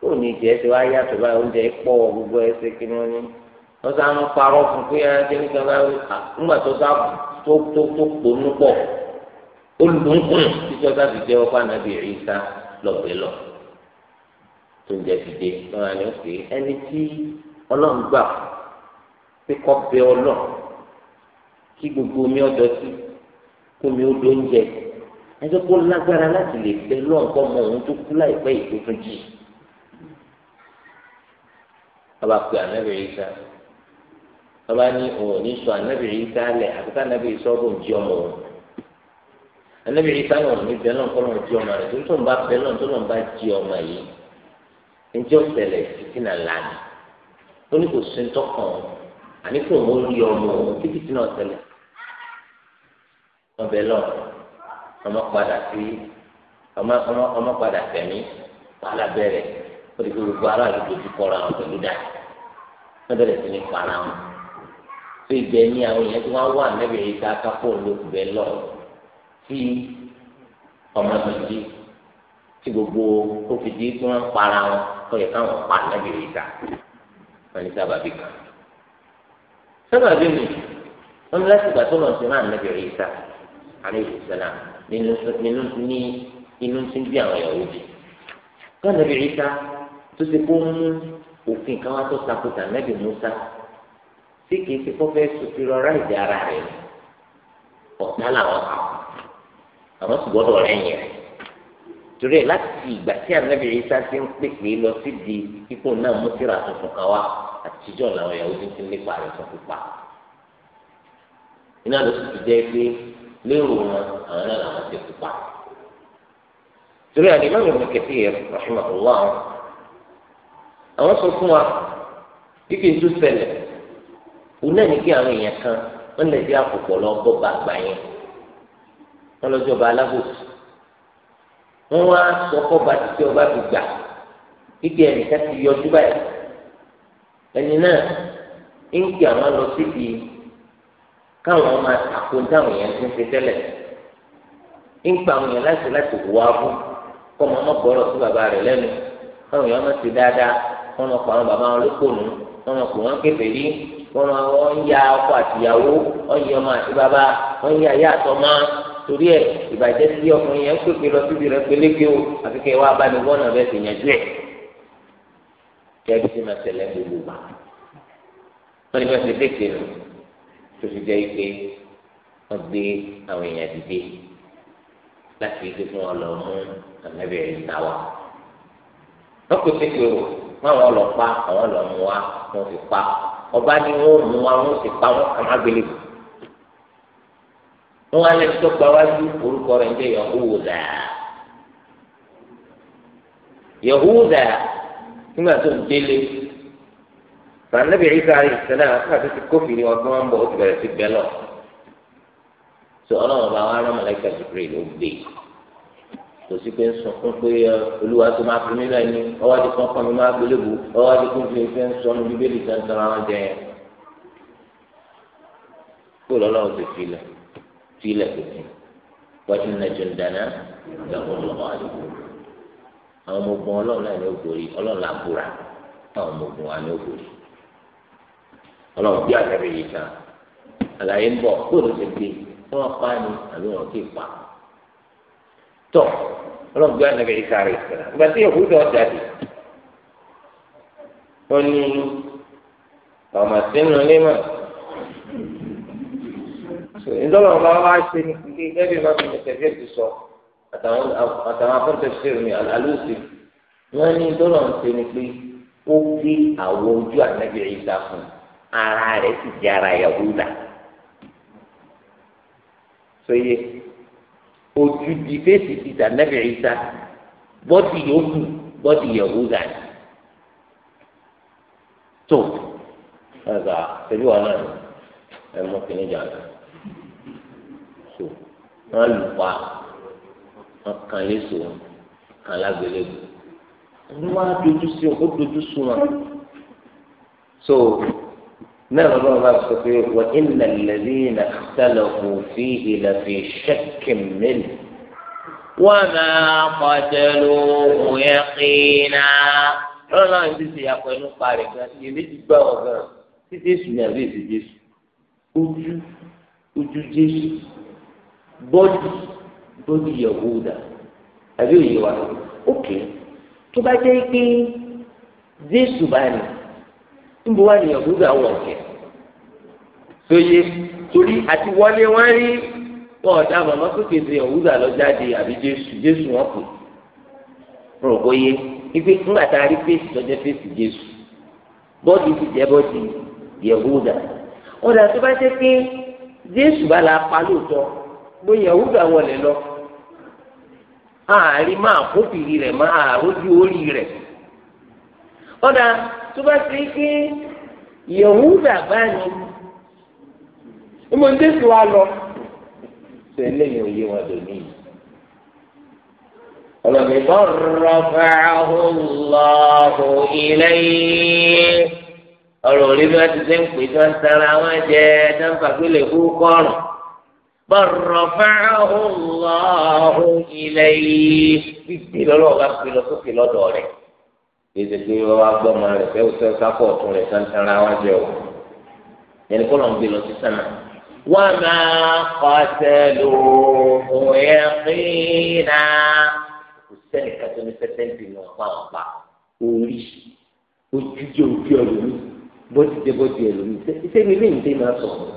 ó ní ah, ìjẹ́ ti wá yàtọ̀ báyìí oúnjẹ pọ̀ gbogbo ẹsẹ̀ kí wọ́n ní wọ́n sá ń parọ́ fún pé ẹ nígbà báyìí nígbà tó sá tó tó tó pò ń pọ̀ olùdókùn títí ọ̀sá ti jẹ́ ọkọ̀ lọgbẹ lọ tó ń jẹ dìde lọ́wọ́ ni ó pè é ẹni tí ọlọ́run gbà pé kọ́ bẹ ọlọ́run kí gbogbo omi ọdọ sí kó mi ó do oúnjẹ ẹjọ́ kó lágbára láti lè bẹ lọ́run kọ́ mọ òun tó kú láìpẹ́ ètò tó jì ọba pè ànábìrì ìta ọba ní òun ní sọ ànábìrì ìta lẹ̀ àbíká ànábìrì sọ́ọ́bù ń jí ọmọ òun anabi isa náà ní bẹ́ẹ̀ náà kọ́lọ́n ti ọmọ rẹ̀ tó ń bá bẹ́ẹ̀ náà tó ń bá jí ọmọ yìí ǹjẹ́ ọ̀sẹ̀lẹ̀ títí náà lánàá ó ní kò sí ń tọkàn àní kò mọ orí ọmọ títí tí náà ṣẹlẹ̀ ọbẹ̀ náà ọmọ padà sí ọmọ padà tẹ̀mí wàhálà bẹ̀rẹ̀ ó di gbogbo ara rẹ̀ dojú kọ́ra wọn pẹ̀lú dà wọ́n bẹ̀rẹ̀ sí ní para wọn tó ìgbẹ́ ní àwọn èèyàn tí wọ́n wà nẹ́bẹ̀ẹ́ yìí ká kápò lókùbẹ́ lọ́rùn tí ọmọ nàìjí tí gbogbo tó fi di tí wọ́n para wọn tó yẹ káwọn pa nàbì rẹ̀ ta wọ́n ní sábàbí kan sábàbí mi wọ́n ní láti gbà tó lọ sí náà nàbì rẹ̀ ta alayhi salam nínú nínú ní inú tí ń bí àwọn ìyàwó jì tó nàbì rẹ̀ ta tó ti kó mú òfin kan tó takùtà nàbì Musa tí kìí ti kọ́ fẹ́ sùn fi rọra ìdí ara rẹ̀ ọ̀tá làwọn kà kú àmọ́ sì gbọ́dọ̀ lẹ́yìn rẹ̀ torí ẹ̀ láti ìgbà tí ànábì Ìsá ti ń pèpè lọ sí di ipò náà mú tírà tuntun kan wá àtijọ́ làwọn ìyàwó ti ń lépa rẹ̀ fún pípa iná ló sì ti jẹ́ pé lérò wọn àwọn náà làwọn ti pípa torí àdìmọ́nì mi kẹ̀tì yẹ rahimahullah àwọn sọ fún wa bí tún ṣẹlẹ̀ òun náà ní kí àwọn èèyàn kan wọ́n lè dí àpòpọ̀ lọ bọ́ bá àgbà yẹn. wọn lọ sí ọba alábòsí wọn wá sọkọ bá títí ọba fi gbà kíkẹ ẹnìkan ti yọjú báyìí ẹni náà ń kí àwọn lọ síbi káwọn máa tako táwọn yẹn ti ń ṣe tẹ́lẹ̀ ń pa àwọn yẹn láti láti wọ abú kọ́ ọmọ ọmọbọ̀rọ̀ sí bàbá rẹ̀ lẹ́nu káwọn yẹn ti dáadáa lọ pa àwọn bàbá wọn lọ ya ọmọ torí ẹ ìbàjẹ́ sí ọkùnrin yẹn pépè lọ síbi rẹ pélékè o àti kẹ wá bá mi wọ́nà bẹ́ẹ̀ sì yànjú ẹ̀ kẹ́bí sí máa tẹ̀lé gbogbo gbà wọ́n ní bá ti tètè nù tó fi jẹ́ pé wọ́n gbé àwọn èèyàn dìde láti ike fún wọn lọ mú ànábì rẹ̀ ta wa wọ́n kò tètè o wọ́n àwọn ọlọ́pàá àwọn ọlọ́mú wa wọ́n fi pa ọba ni wọ́n mú wa wọ́n sì pa wọ́n kà má gbélébùú wọn alẹ́ tó gba wájú orúkọ rẹ̀ ń jẹ́ Yahuda Yahuda nígbà tó ń délé sànẹ́bí Isa alayhi salam nígbà tó ti kófìrí ọdún wọn bọ̀ ó ti bẹ̀rẹ̀ sí bẹ́lọ̀ tó ọlọ́run bá wọn arámọ̀ lẹ́kà Jibril ló gbé kò sí pé ń sunkún pé olúwa tó máa fi mí náà ní ọwọ́ adé kan kan mi máa gbélébù ọwọ́ adé kan fi fẹ́ ń sọ ní bíbélì tẹ́ntẹ́n ara wọn yẹn kó lọ́lọ́run ti fi lẹ̀ sílẹ̀ tuntun wọ́n ti nà jọ̀ǹdàná lọ́wọ́ lọ́wọ́ àdúgbò àwọn ọmọ ogun ọlọ́run náà ní ògbórí ọlọ́run là búra àwọn ọmọ ogun wa ní ògbórí ọlọ́run bí àtẹ̀rẹ̀ yìí kan àlàyé ń bọ̀ kó ló ti gbé kí wọ́n pa ni àbí wọn kì í pa tọ́ ọlọ́run bí àtẹ̀rẹ̀ yìí kan rẹ̀ sẹ́nà ìgbà tí èkó tó jáde wọ́n ní ọmọ sínú lé mọ́ ìdọ́lọ̀ ọba wa ṣe ní ẹbí máa fi tẹ̀síẹ̀ ti sọ àtàwọn afọ́ntẹ̀síẹ̀ mi àlùsì wọ́n ní ìdọ́lọ̀ ń ṣe ni pé ó gbé àwọ̀ ojú ànábì Ìsá fún ara rẹ̀ sì jẹ́ ara Yahuda sọye ojú di fèsì ti tànábì Ìsá bọ́dì yòókù bọ́dì Yahuda ni tó ẹ̀ka ṣẹlú wa náà ẹ̀ mọ́ kìnnìjà náà wọn lù pa wọn kàn léṣe wọn kàn lágbélébù wọn wá dojú sí wọn kó dojú sùn wọn so náà lọ́dọ̀ wọn bá sọ pé wọ́n ilẹ̀ lẹ́yìn àtàlẹ̀ kò fi ilẹ̀ fi ṣẹ́kì mẹ́lì wọ́n máa pàtẹ́lú òun kìínà lọ́dọ̀ náà ti ṣe àpò ẹnu parí gan iye méjì gbà wọ́n títí èsù ní àbí èsì jésù ojú ojú jésù bọ́dì bọ́dì yahuda àbí òye wa ok tó bá jẹ́ pé jésù bá ní níbo wà ní yahuda wọ̀ ọ̀kẹ́ sóye torí àti wọlé wọn rí wọn ọ̀dà màmá sókè ṣe yahuda lọ jáde àbí jésù jésù wọn kù rò kó yé ibi ńgbà tá a rí fèsì lọ́jọ́ fèsì jésù bọ́dì ti jẹ́ bọ́dì yahuda ọ̀dà tó bá jẹ́ pé jésù bá la pa lóòótọ́ gbóyè yahudu àwọn lè lọ àárín máa kófìrí rẹ̀ máa rójú orí rẹ̀ ọ̀dà tó bá ti pé yahudu àbáni ìmọ̀ ní tẹ̀sí wa lọ tó eléyìí ò yé wọn lónìí yìí ọlọ́mi bá rọ̀bà ọlọ́hùn ilé ọ̀rọ̀ orí bí wọ́n ti ṣe ń pè tí wọ́n ń tara wọn jẹ tí wọ́n ń fàgbélé kú kọ́rùn. بل رفعه الله إليه gbígbé lọ́lọ́ ọ̀gá gbé lọ sókè lọ́dọ̀ rẹ̀ gbèsè pé wọ́n wá gbọ́ ọmọ rẹ̀ fẹ́ẹ́ sọ sáfọ̀ ọ̀tún rẹ̀ sáńtara wá jẹ o ẹni kọ́ ló ń gbé lọ sí sànà. wọ́n máa kọ́sẹ̀ ló yẹ pínà kò sẹ́ni kàtó ní pẹ́sẹ́ǹtì ní ọ̀pá ọ̀pá orí ojújẹ ojú ẹlòmí bọ́dìjẹ bọ́dì ẹlòmí sẹ́ni lẹ́yìn tẹ́ máa sọ̀rọ̀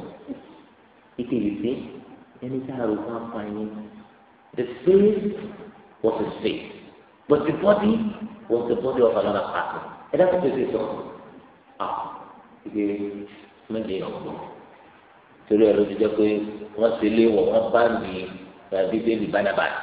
ìkéyìí ẹni tá a rò fún àǹfààní the face was his face but the body was the body of another person ẹ dákun tó ṣe sọ ah ìgbé méje ọ̀gbọ́n torí ẹ ló ti jẹ́ pé wọ́n ṣe lé wọ̀ wọ́n bá mi bíbélì bánabàtì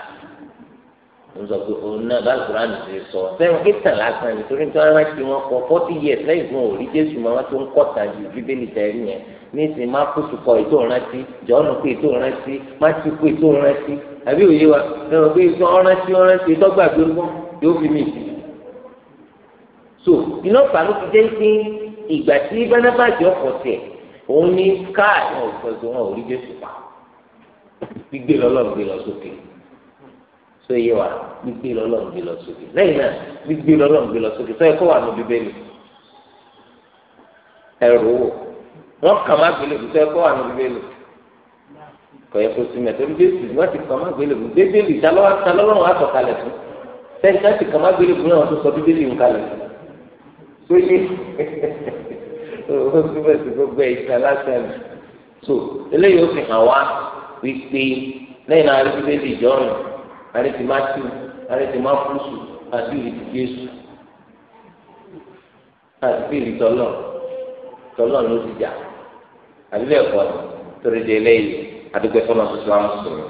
nzọ pé òun náà bá alukuraan ti sọ sẹ́wọ̀n kétan lásán nítorí nítorí wọn ti wọn kọ forty years lẹ́yìn fún òrí jésù máa wọn tó ń kọ́ tàn ju bíbélì tẹ̀rí yẹn nísìnyí má kó sùkọ ètò ìrántí jọ́ọ̀nù kó ètò ìrántí má ti kó ètò ìrántí àbí òye wa lọ́wọ́ pé ètò ìrántí ìrántí ètò gbàgbé wọn yóò fi mí sí. so iná pàlú ti jẹ́ pé ìgbà tí bánábàjì ọkọ̀ tẹ̀ òun ní káà ní ọ̀pọ̀lọpọ̀ wọn ò rí jésù pa gbígbé lọ́lọ́run gbé lọ sókè so yé wa gbígbé lọ́lọ́run gbé lọ sókè lẹ́yìn náà gbígbé lọ́lọ́run gbé lọ sókè sọ ẹ̀kọ́ wà ní bíbélì ẹ̀rù wò wọ́n kà má gbélé kó sẹ́kọ́ wà níbi bẹ́ẹ̀ lò kò yẹ kó sí mẹ́tọ́ níbi èsì wọ́n ti kà má gbélé kó bíbélì talọ́lọ́run àtọ̀kalẹ̀ fún sẹ́yìn ká ti kà má gbélé kó náà tó sọ bíbélì ń kalẹ̀ fún sóyè ó sì bẹ́ẹ̀ sì gbogbo ẹ̀ ìta lásán so eléyìí ó fi hàn wá wípé lẹ́yìn náà arígbé bíbélì jọ́ọ̀nù arígbé mátíù arígbé máfúsù àti ìrìtì jésù àti ìrìtọ́lọ́ tọ́lọ́ ló ti jà àbí bẹ́ẹ̀ kọ́ ni torí de eléyìí àdúgbò fọlọ tuntun wa mùsùlùmí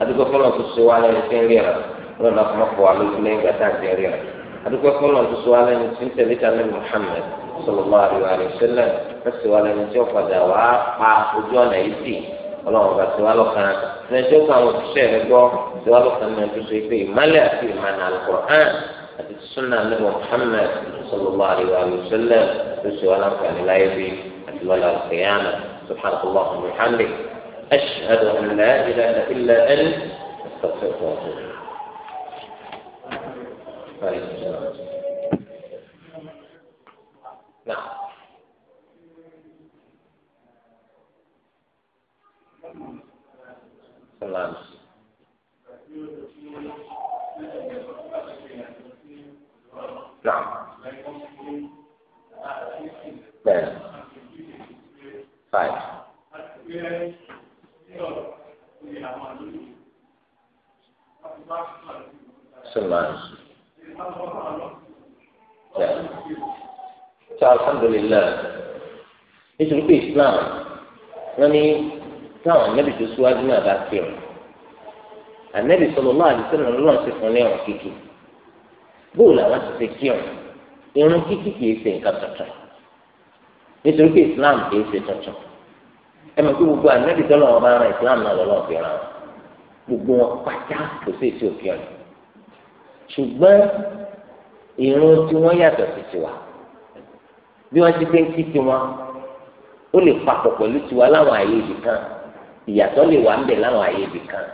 àdúgbò fọlọ tuntun wa lẹni tí ń ríra wọn náà fọmọ fọ alójú lẹ́yìn gbàtà tí ń ríra àdúgbò fọlọ tuntun wa lẹni tí ń tẹ̀lé tani Muhammad sallallahu alaihi wasallam ẹsẹ wa lẹni tí ó padà wá pa ojú ọ̀nà yìí sí ọlọ́run ọba tí wà lọ́kàn ní ẹjọ́ kan àwọn òṣìṣẹ́ rẹ gbọ́ tí wà lọ́kàn ní ẹjọ́ sọ pé ìmálẹ̀ àti ìmánà al-Qur'an àti sunna ní Muhammad sallallahu alaihi wasallam ẹsẹ wa lọ́kàn ní láyé bí àti wà lọ́kàn سبحانك اللهم وبحمدك أشهد أن لا إله إلا أنت أستغفرك وأتوب إليك نعم سلام نعم نعم five. Sọláàsì. Ṣé alhamdulilayi? Nítorí pé Islam wọ́n ní táwọn anábì tó síwájú náà bá ti rìn. Anábì sọ̀rọ̀ náà àdìsí náà lọ́nà ti fún ní ọ̀rọ̀ kíkì. Bóòlù àwọn ti ṣe kí ọ̀rọ̀. Irun kíkì kìí ṣe nǹkan tuntun. Nítorí pé Islam kìí ṣe tuntun ẹmọ pé gbogbo ànábì tọ́lọ̀ wọn bá ran islam náà lọ́lọ́ fi ran gbogbo wọn pátá kò sí èsì òfin ọ̀nà ṣùgbọ́n ìrun tí wọ́n yàtọ̀ sí tiwa bí wọ́n ti gbé ń kí tiwọn ó lè papọ̀ pẹ̀lú tiwa láwọn àyè ibì kan ìyàtọ̀ lè wà ń bẹ̀ láwọn àyè ibì kan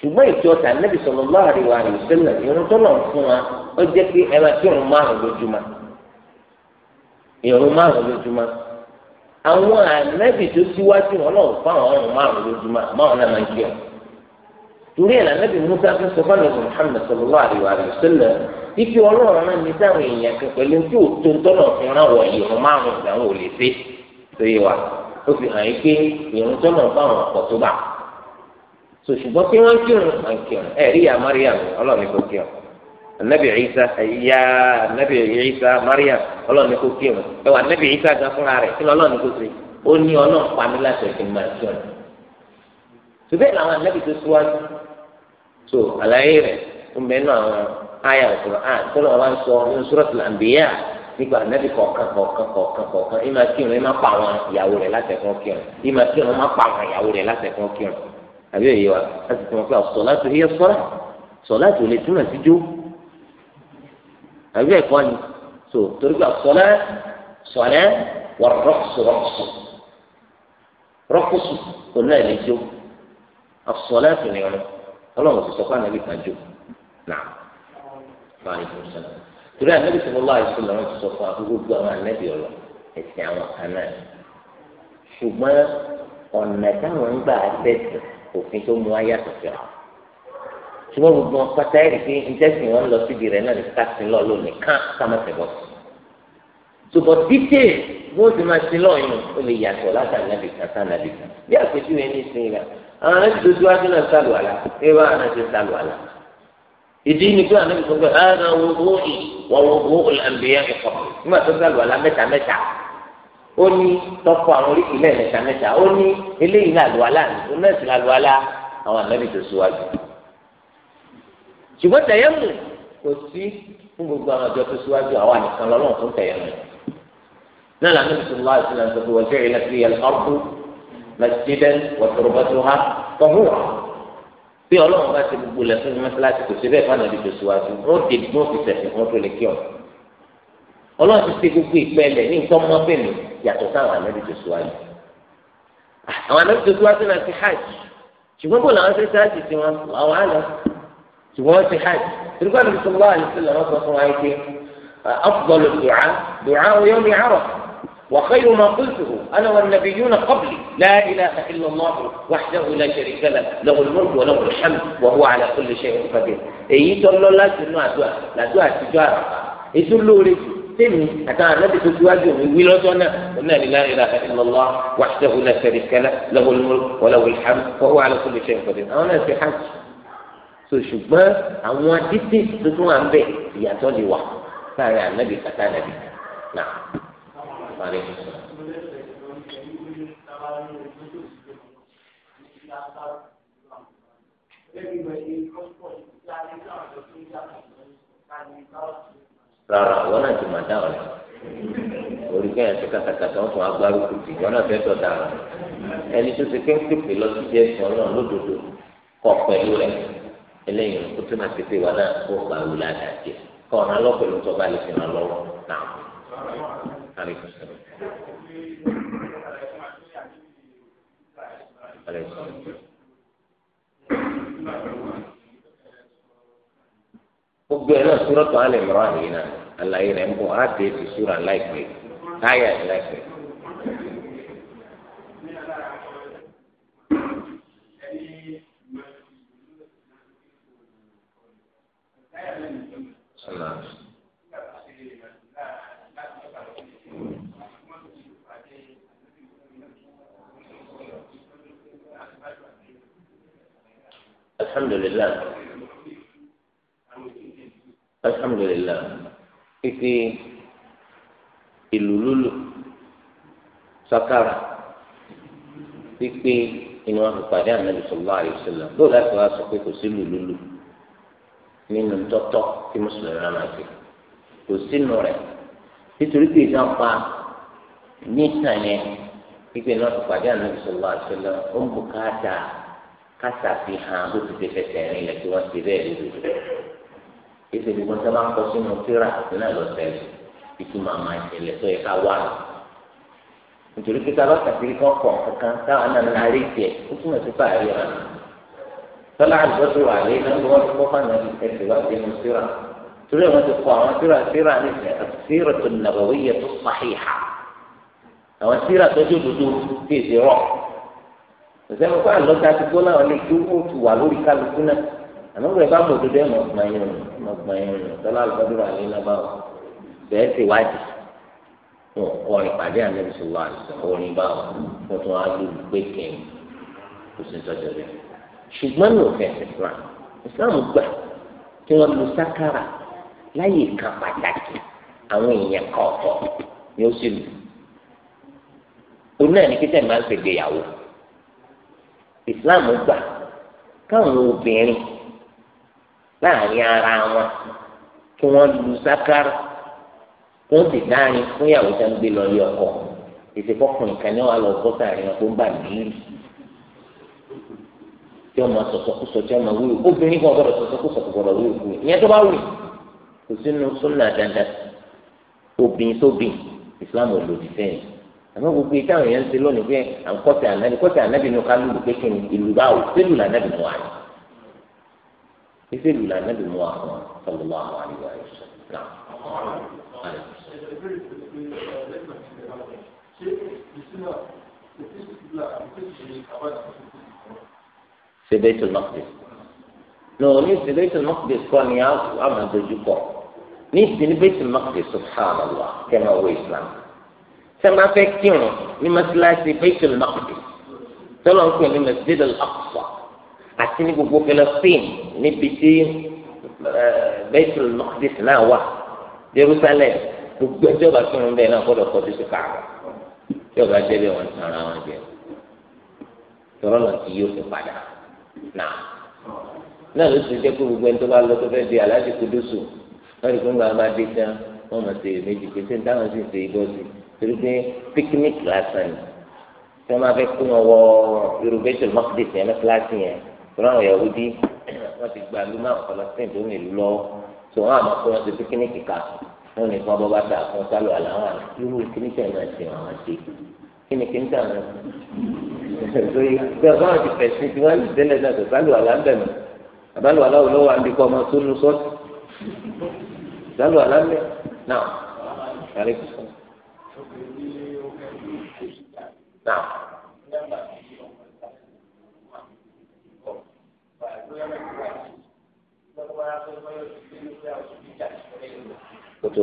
ṣùgbọ́n ìtì ọ̀tà nẹ́bí sọ̀rọ̀ láàrin wa rè sẹ́lẹ̀ irun tó lọ́n fún wa ó jẹ́ pé ẹ máa kírun márùn lójúmọ́ irun márùn lójúmọ́ àwọn ànábì tó síwájú wọn náà fún àwọn ọrùn márùn lójúmọ́ àmọ́ náà máa ń kí ọ torí ẹ̀ lànàbì musa fi sọ fún ẹ̀sùn muhammed sallallahu alayhi wa sallam ife ọlọ́run náà ní dáhùn èèyàn kan pẹ̀lú tí ò tó tọ́nà fún ra wọ̀ ìrún márùn ìdáhùn ò lè ṣe tó yé wa ó fi hàn yín pé ìrún tọ́nà fáwọn ọ̀pọ̀ tó bá so ṣùgbọ́n pé wọ́n kírun à ń kírun ẹ̀rí àmáríyàmù ọlọ́run kò kírun anabi isa ya anabi isa mariam ọlọ́run ní kò kí wọn ẹ wà anabi isa gan fúnra rẹ̀ kí lọ́lọ́run ní kò sí ó ní ọlọ́run pa mí láti ẹ̀kí máa tí ọ̀nà ṣùgbọ́n làwọn anabi tó síwájú tó àlàyé rẹ̀ ń bẹ nínú àwọn àyà òkúrò àn tó lọ́wọ́ ń sọ nínú suratul anbiya nípa anabi kọ̀ọ̀kan kọ̀ọ̀kan kọ̀ọ̀kan kọ̀ọ̀kan ìmà kí wọn ìmà pa àwọn ìyàwó rẹ̀ láti ẹ̀kọ́ kí wọn ìmà kí wọn má pa wọn àbí àbí ẹ̀kọ́ ni so torí pé àsọlẹ sọlẹ wà rọkùsù rọkùsù rọkùsù kò náà lè jó àsọlẹ tó ní ọrẹ Ọlọ́run ti sọ fún ànábì kan jó náà báyìí tó ṣẹlẹ̀ torí ànábì sọ fúnlá àìsàn lọ́rọ̀ ti sọ fún àwọn ànábì ọlọ ẹsìn àwọn kan ṣùgbọ́n ọ̀nà táwọn ń gbà bẹ̀sẹ̀ òfin tó mú ayé àtọ̀fẹ́ àwọn ṣùgbọ́n gbogbo wọn pátá ẹ̀rí pé ìjẹ́sìn wọn lọ síbi rẹ̀ náà ní káàsì lọ ló nìkan sámọ́sẹ̀ bọ́ ṣùgbọ́n dídè bó ti máa ṣe lọ́yìn ó lè yàtọ̀ látàrí nàbì kan sáà nàbì bí àpèjúwe ní ìsinyìí rà àwọn aláṣẹ tó síwájú náà sálù àlà ẹ bá àwọn aláṣẹ sálù àlà ìdí ni pé àwọn ẹnìkan gbé ara wọn bó ì wọn wọn bó ọlànbẹyà ẹkọ nígbà tó sálù àlà mẹ́ta mẹ́ta ṣùgbọ́n tẹ̀yẹ́mù kò sí fún gbogbo àwọn àjọ tó síwájú àwa nìkan lọ́lọ́run fún tẹ̀yẹ́mù náà lànà bisimilá ìsìlẹ̀ ń sọ̀tò wọ́n ṣẹ̀rẹ̀ lẹ́sìn yẹn ọ̀rùn mẹsìdẹ́ wọ̀tọ̀rọ̀bọ̀tọ̀ ha tọ̀húnwà bí ọlọ́run bá ti gbogbo lẹ̀ fún mọ́sálásí kò sí bẹ́ẹ̀ fún ànàbí tó síwájú wọ́n dé gbọ́n fi sẹ̀sìn fún tó lè kí ọ̀ ọlọ́run ti ṣe gbogbo ìpẹ́lẹ̀ ní nǹkan mọ́ bẹ́ẹ̀ yàtọ̀ sáwọn ànàbí tó síwájú àwọn ànàbí tó síwájú náà ti hajj ṣùgbọ́n bó làwọn ṣe ṣáàjì tiwọn làwọn á lọ تبغى ما في حاجه تلقى النبي صلى الله عليه وسلم اطلق افضل الدعاء دعاء يوم عرفه وخير ما قلته انا والنبيون قبلي لا اله الا الله وحده لا شريك له له الملك وله الحمد وهو على كل شيء قدير اي إيه تقول لا تنوى دعاء لا دعاء تجارة اي لي تمي حتى النبي صلى الله عليه قلنا لا اله الا الله وحده لا شريك له له الملك وله الحمد وهو على كل شيء قدير انا في حج so ṣùgbọ́n àwọn adítì tuntun wà ń bẹ̀ ìyàtọ̀ lè wà láàrin ànábì kàtà ànábì náà parí. rárá àwọn náà ti máa dá ọ̀rẹ́ orí kẹ́yìn àti kàkàkàtà wọn fún agbárùkù tì wọn náà fẹ́ tọ́ da ẹni tó ti kéńkéèpé lọ sí jẹ́ ìfọ̀n lódodo kọ̀ pẹ̀lú rẹ̀ eléyìí ló tó máa ti pé wa náà kó gba wù ládàá jẹ kọ ọ̀nà lọ́pẹ̀lú tó bá lè fi hàn lọ́wọ́ náà. gbogbo ẹ̀ náà súrọ̀tọ̀ alẹ́ mìíràn yìí náà àlàyé rẹ̀ ń bọ̀ á dé ti súra láìpẹ́ táyà láìpẹ́. sọlá. alhamdulilah alhamdulilah fífi ìlú lulu sakara fífi ìnú àpàdé ànábì sallallahu alaihi wasallam lóòótọ́ àti wàá sọ pé kò sí ìlú lulu nínú tọ́tọ́ tí mùsùlùmí náà máa ṣe kò sínú rẹ̀ nítorí pé ìtàn pa níta yẹn pípé náà ti pàdé ànábì sọlá àṣẹlẹ ó ń bùkátà kásàfi hàn bó ti ṣe fẹsẹ̀ rìn lẹ̀ tí wọ́n ti bẹ́ẹ̀ lójú ètò ìdìbò tí wọ́n bá ń kọ sínú tíra náà lọ sẹ́lẹ̀ ìtumọ̀ àmà ìṣẹ̀lẹ̀ tó yẹ ká wà lọ nítorí pé tábà kàtìrí kan kọ̀ táwọn náà ń tọ́lá àgbẹ̀tò wà lé náà wọ́n ti kọ́ fáwọn ẹ̀sìn wá sí inú síra torí àwọn ti kọ́ àwọn síra síra ní síra tó nàbàwí yẹ tó sàhíhà àwọn síra tọ́jú dúdú tí èsì rọ̀ òsèlú kọ́ àlọ́ta ti gbó láwọn lè kí ó ti wà lórí kálukú náà àmọ́ bẹ́ẹ̀ bá mọ̀ dúdú ẹ̀ mọ̀ gbọ̀nyìn mọ̀ tọ́lá àgbẹ̀tò wà lé náà báwọ̀ bẹ́ẹ̀ ti wájú ṣùgbọ́n ní òfin islam islam gbà kí wọ́n lu sakara láyè kan pàtàkì àwọn èèyàn kan ọ̀tọ̀ ni ó sì lù òun náà ní kíkẹ́ máa ń ṣègbéyàwó islam gbà káwọn obìnrin láàrin ara wọn kí wọ́n lu sakara kí wọ́n sì dárin fún ìyàwó tó ń gbé lọ ilé ọkọ ètò ìfọkùnrin kan ní wàá lọ bọ́ sàárín ọkọ ń bà nílùú tí ọmọ sọsọkúsọ tí ọmọ wúlò obìnrin kan gbọ́dọ̀ sọsọkúsọ kò gbọ́dọ̀ wúlò fún mi ìyẹn tó bá wù kò sínú súnà dandan obìnrin sóbìn islam ò lòdì sẹ́yìn àmọ́ gbogbo ìta àwọn èèyàn ń ṣe lónìí pé à ń kọ́sẹ̀ ànábì kọ́sẹ̀ ànábì ni ká lùlù pé kí ni ìlú bá wò sílù lànábì mú àyè sílù lànábì mú àwọn sọlọ́lá àwọn àríwá ẹ̀ sọ náà ṣe Baitul Maqdis náà ní ṣe Baitul Maqdis kọ́ ni àwọn àdójúkọ ní ìsinmi Baitul Maqdis subhanallah kẹ́mẹ́ owó islam sẹ́mi afẹ́ kírun ní mọ́sálásí Baitul Maqdis tọ́lọ́ ń pè ní Masjid al-Aqsa àti ní gbogbo Palestine níbi tí Baitul Maqdis náà wà Jerusalem gbogbo ẹjọ́ bá kírun bẹ́ẹ̀ náà gbọ́dọ̀ kọjú sí káàkiri tí ọba jẹ́ bí wọ́n ara wọn jẹ tọ́lọ́ lọ yóò fi padà náà náà ló ti jẹ́ pé gbogbo ẹni tó bá lọ tó fẹ́ di aláàjì kudusu wọ́n rí i pé ńgbà máa dé tán wọ́n máa ṣe èméjì pé ṣé táwọn sì ṣe ibọ́ sí torí pé picnic lásán ni tí wọ́n máa fẹ́ kó wọn wọ irrigation market yẹn ní kíláàsì yẹn tó láwọn Yahudi wọ́n ti gba lúmọ̀ ọ̀pọ̀lọpọ̀ tó ní ìlú lọ́wọ́ tó wọ́n àmọ́ kó wọn ṣe picnic ká wọ́n ní kí wọ́n bọ́ bá ta fún sálọ̀ àlàáwọ̀ irú picnic yẹn náà ṣe àwọn àti kí ni kí n tà wọn lórí bí ọgbọ́n ti fẹ̀sìn tí wọ́n lè délẹ̀ náà tó bá lù àlá ń bẹ̀ mọ́ àlá òlówó àbí kọ́ ọmọ tó nu sọ́ọ̀tì bá àlá ń bẹ̀ náà kárí kù sọ. náà. kótó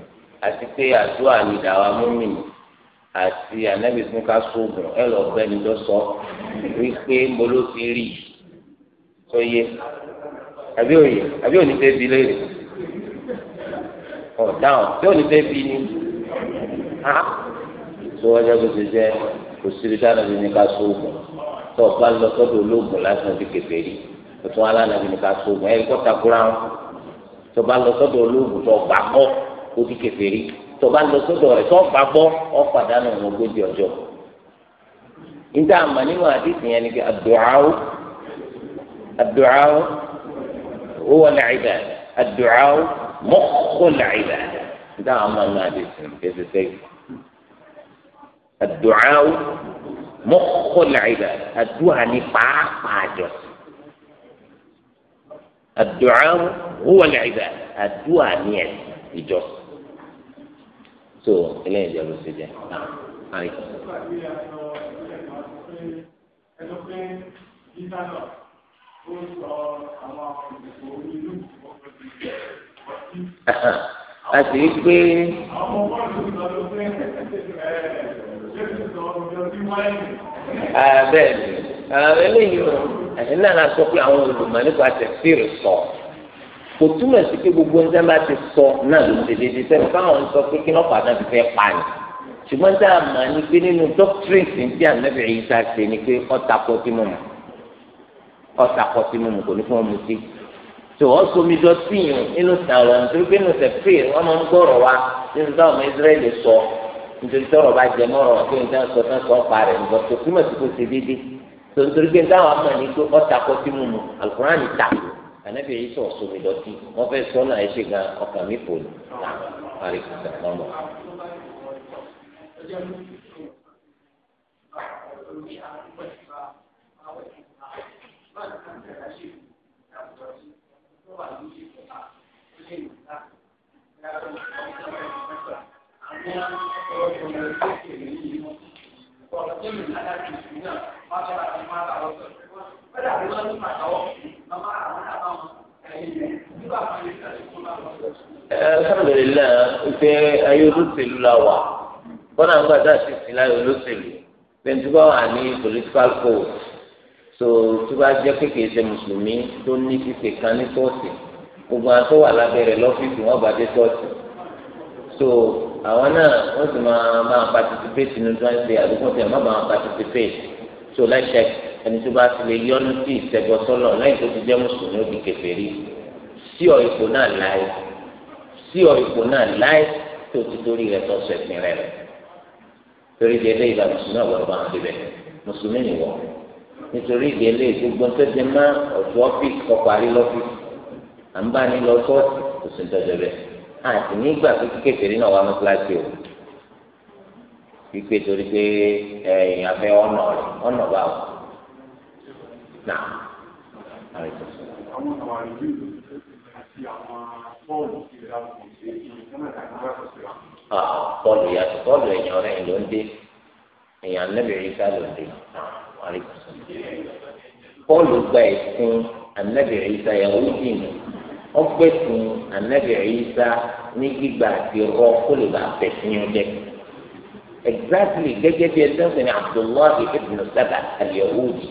àti pé àdúrà ni dàwa múmi àti ànábì fún ká sóògùn ẹ lọ bẹni tó sọ wípé mo ló ti rí tó yé àbí òye àbí òní fẹ́ bi léèrè ọ̀dáhùn tí òní fẹ́ bi ni á tó ọjọ́ bó ti jẹ́ kò síbi tí ànábì ní ká sóògùn tó ọ̀pá lọ sọ́dọ̀ olóògùn láti ọdún kẹfẹ́ rí tó tún alánàbì ní ká sóògùn ẹ̀ kọ́ta kúrá wọn tó bá lọ sọ́dọ̀ olóògùn tó ọgbà kọ́ ó di kèfèrí tó bá lọ sọ́dọ̀ rẹ̀ tó bá gbọ́ ọ pàdánù ọmọ ogójì ọjọ́ níta àmà nínú àdìsí yẹn ni pé àdùáwò àdùáwò ó wà láìdá àdùáwò mọ́kò láìdá níta àmà nínú àdìsí kẹsì sẹ́yìn àdùáwò mọ́kò láìdá àdùá ni pàápàá jọ àdùáwò ó wà láìdá ni ẹ̀ ìjọsìn tó eléyìí jẹ ló ṣe jẹ náà àrí. a sì ń pé. bẹ́ẹ̀ ni eléyìí ẹ̀yin náà sọ pé àwọn olùmọ̀ nípa tẹ̀síìrì sọ kò túmọ̀ sí pé gbogbo ń sẹ́ńbà ti sọ náà ló ṣe déédéé sẹ́nu káwọn ń sọ pé kí lọ́pàá náà ti fẹ́ pa ni ṣùgbọ́n tá a mọ̀ ni pé nínú doctrine tí ànábì Ìsá ṣe ni pé ọ̀tàkọ́ tí mo mọ̀ ọ̀tàkọ́ tí mo mọ̀ kò ní fún ọmọ sí tó wọ́n somi jọ tíyìn nínú sàrọ̀ nítorí pé nínú sẹ̀fẹ̀ wọ́n máa ń gbọ́rọ̀ wa nínú táwọn ọmọ Ísírẹ́lì sọ nítorí tọ́rọ̀ bá jẹ mọ́rọ̀ pé nǹkan sọ tán sọ pa rẹ̀ nǹkan tó túmọ̀ sí kò ṣe déédéé tó nítorí pé táwọn ọmọ ní pé ọ̀tàkọ́ tí mo mọ̀ Al-Kùránì ànábì yìí sọ sómi dọtí wọn fẹẹ sọ náà ẹsẹ gan ọkàn mi fò ní àríkùsà lọmọ. Thank you kọ́dà bí wọ́n tún àtàwọ́ màmá àwọn àbáwọn alhamdulilayi ife ayé olóṣèlú la wà kọ́nà ń gbàdá sí sí láyé olóṣèlú pẹ̀ntúbà wà ní political code so tó bá jẹ́ kékeré ṣe mùsùlùmí tó ní fífi kan ní tọ́ọ̀sì gbogbo àwọn tó wà lábẹ́rẹ̀ lọ́fíìsì wọn bá dé tọ́ọ̀sì so àwọn náà wọ́n sì máa máa participate nínú tí wọ́n ṣe àdúgbò tẹ̀ wọ́n máa participate so láì ṣẹ́kì ẹni tó bá ti lè yọnu sí ìṣẹ́gbọ́sọ́lọ̀ lẹ́yìn tó ti jẹ́ mùsùlùmí ó di kèfèrí sí ọ ipò náà láì sí ọ ipò náà láì tó ti torí rẹ̀ tó sọ ẹ̀sìn rẹ̀ rẹ̀ torí di eléyìí la mùsùlùmí ọ̀gbọ̀dọ̀ bá wọn débẹ̀ mùsùlùmí nìwọ nítorí di eléyìí gbogbo tó ti má ọ̀tún ọ́fíìsì kọ parí lọ́fíìsì à ń bá ní lọ sọ́ọ̀sì kò sí tọ́jọ́ bẹ́ẹ̀ àti nígbà tó kékeré náà wà mú kíláàsì o wípé torí náà àìsàn. àwọn àwọn àlejò àti àwọn bọ́ọ̀lù ti ra kò sí ìyẹn náà kàkiri àkọsílẹ̀. bọ́ọ̀lù yàtọ̀ bọ́ọ̀lù ẹ̀yàn ọ̀rẹ́ ẹ̀ ló ń dé èèyàn lẹ́bẹ̀rẹ̀ ìta ló ń dé bọ́ọ̀lù gba ẹ̀sìn anabi Isa yahudi ni wọn gbẹsìn anabi Isa ní gbígbà àti rọ kó lè bá bẹsìn yín jẹ exactly gẹ́gẹ́ bí ẹsẹ̀ ń sìn ní Abdullahi ibn Saba al-Yahudi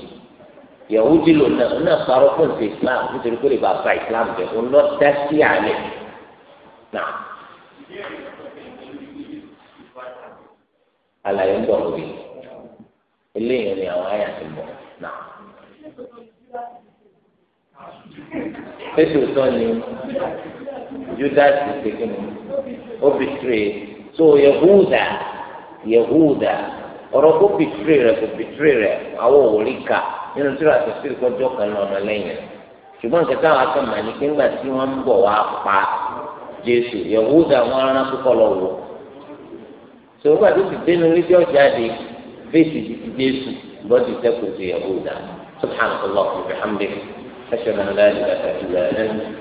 yahudi lò náà ọ̀nà parọ́ fún ti islam nítorí pé lè bá islam bẹ̀ ń lọ dá sí àlẹ́ náà. àlàyé ń bọ̀ lórí eléyìí ni àwọn àyà ti bọ̀ náà. ètò ìtọ́ ni judas ti tẹ̀kẹ́ mi ó fi tire so yahuda yahuda ọ̀rọ̀ kó fi tire rẹ̀ kó fi tire rẹ̀ àwọn òwòrí kà. nínú tíra tẹ̀síìrì kọjọ́ kan ní ọmọ lẹ́yìn rẹ̀ ṣùgbọ́n nǹkan táwọn akọ́mọ̀ ní pé ńgbà tí wọ́n ń bọ̀ wá pa jésù yẹ̀wúdà wọn rán púpọ̀ lọ wò sọ̀rọ̀ gbà tó ti dénú lédè ọ̀jáde fèsì ti ti jésù bọ́dì tẹ́kùtù yẹ̀wúdà subhanahu wa ta'ala wa bihamdihi ashhadu an la ilaha illa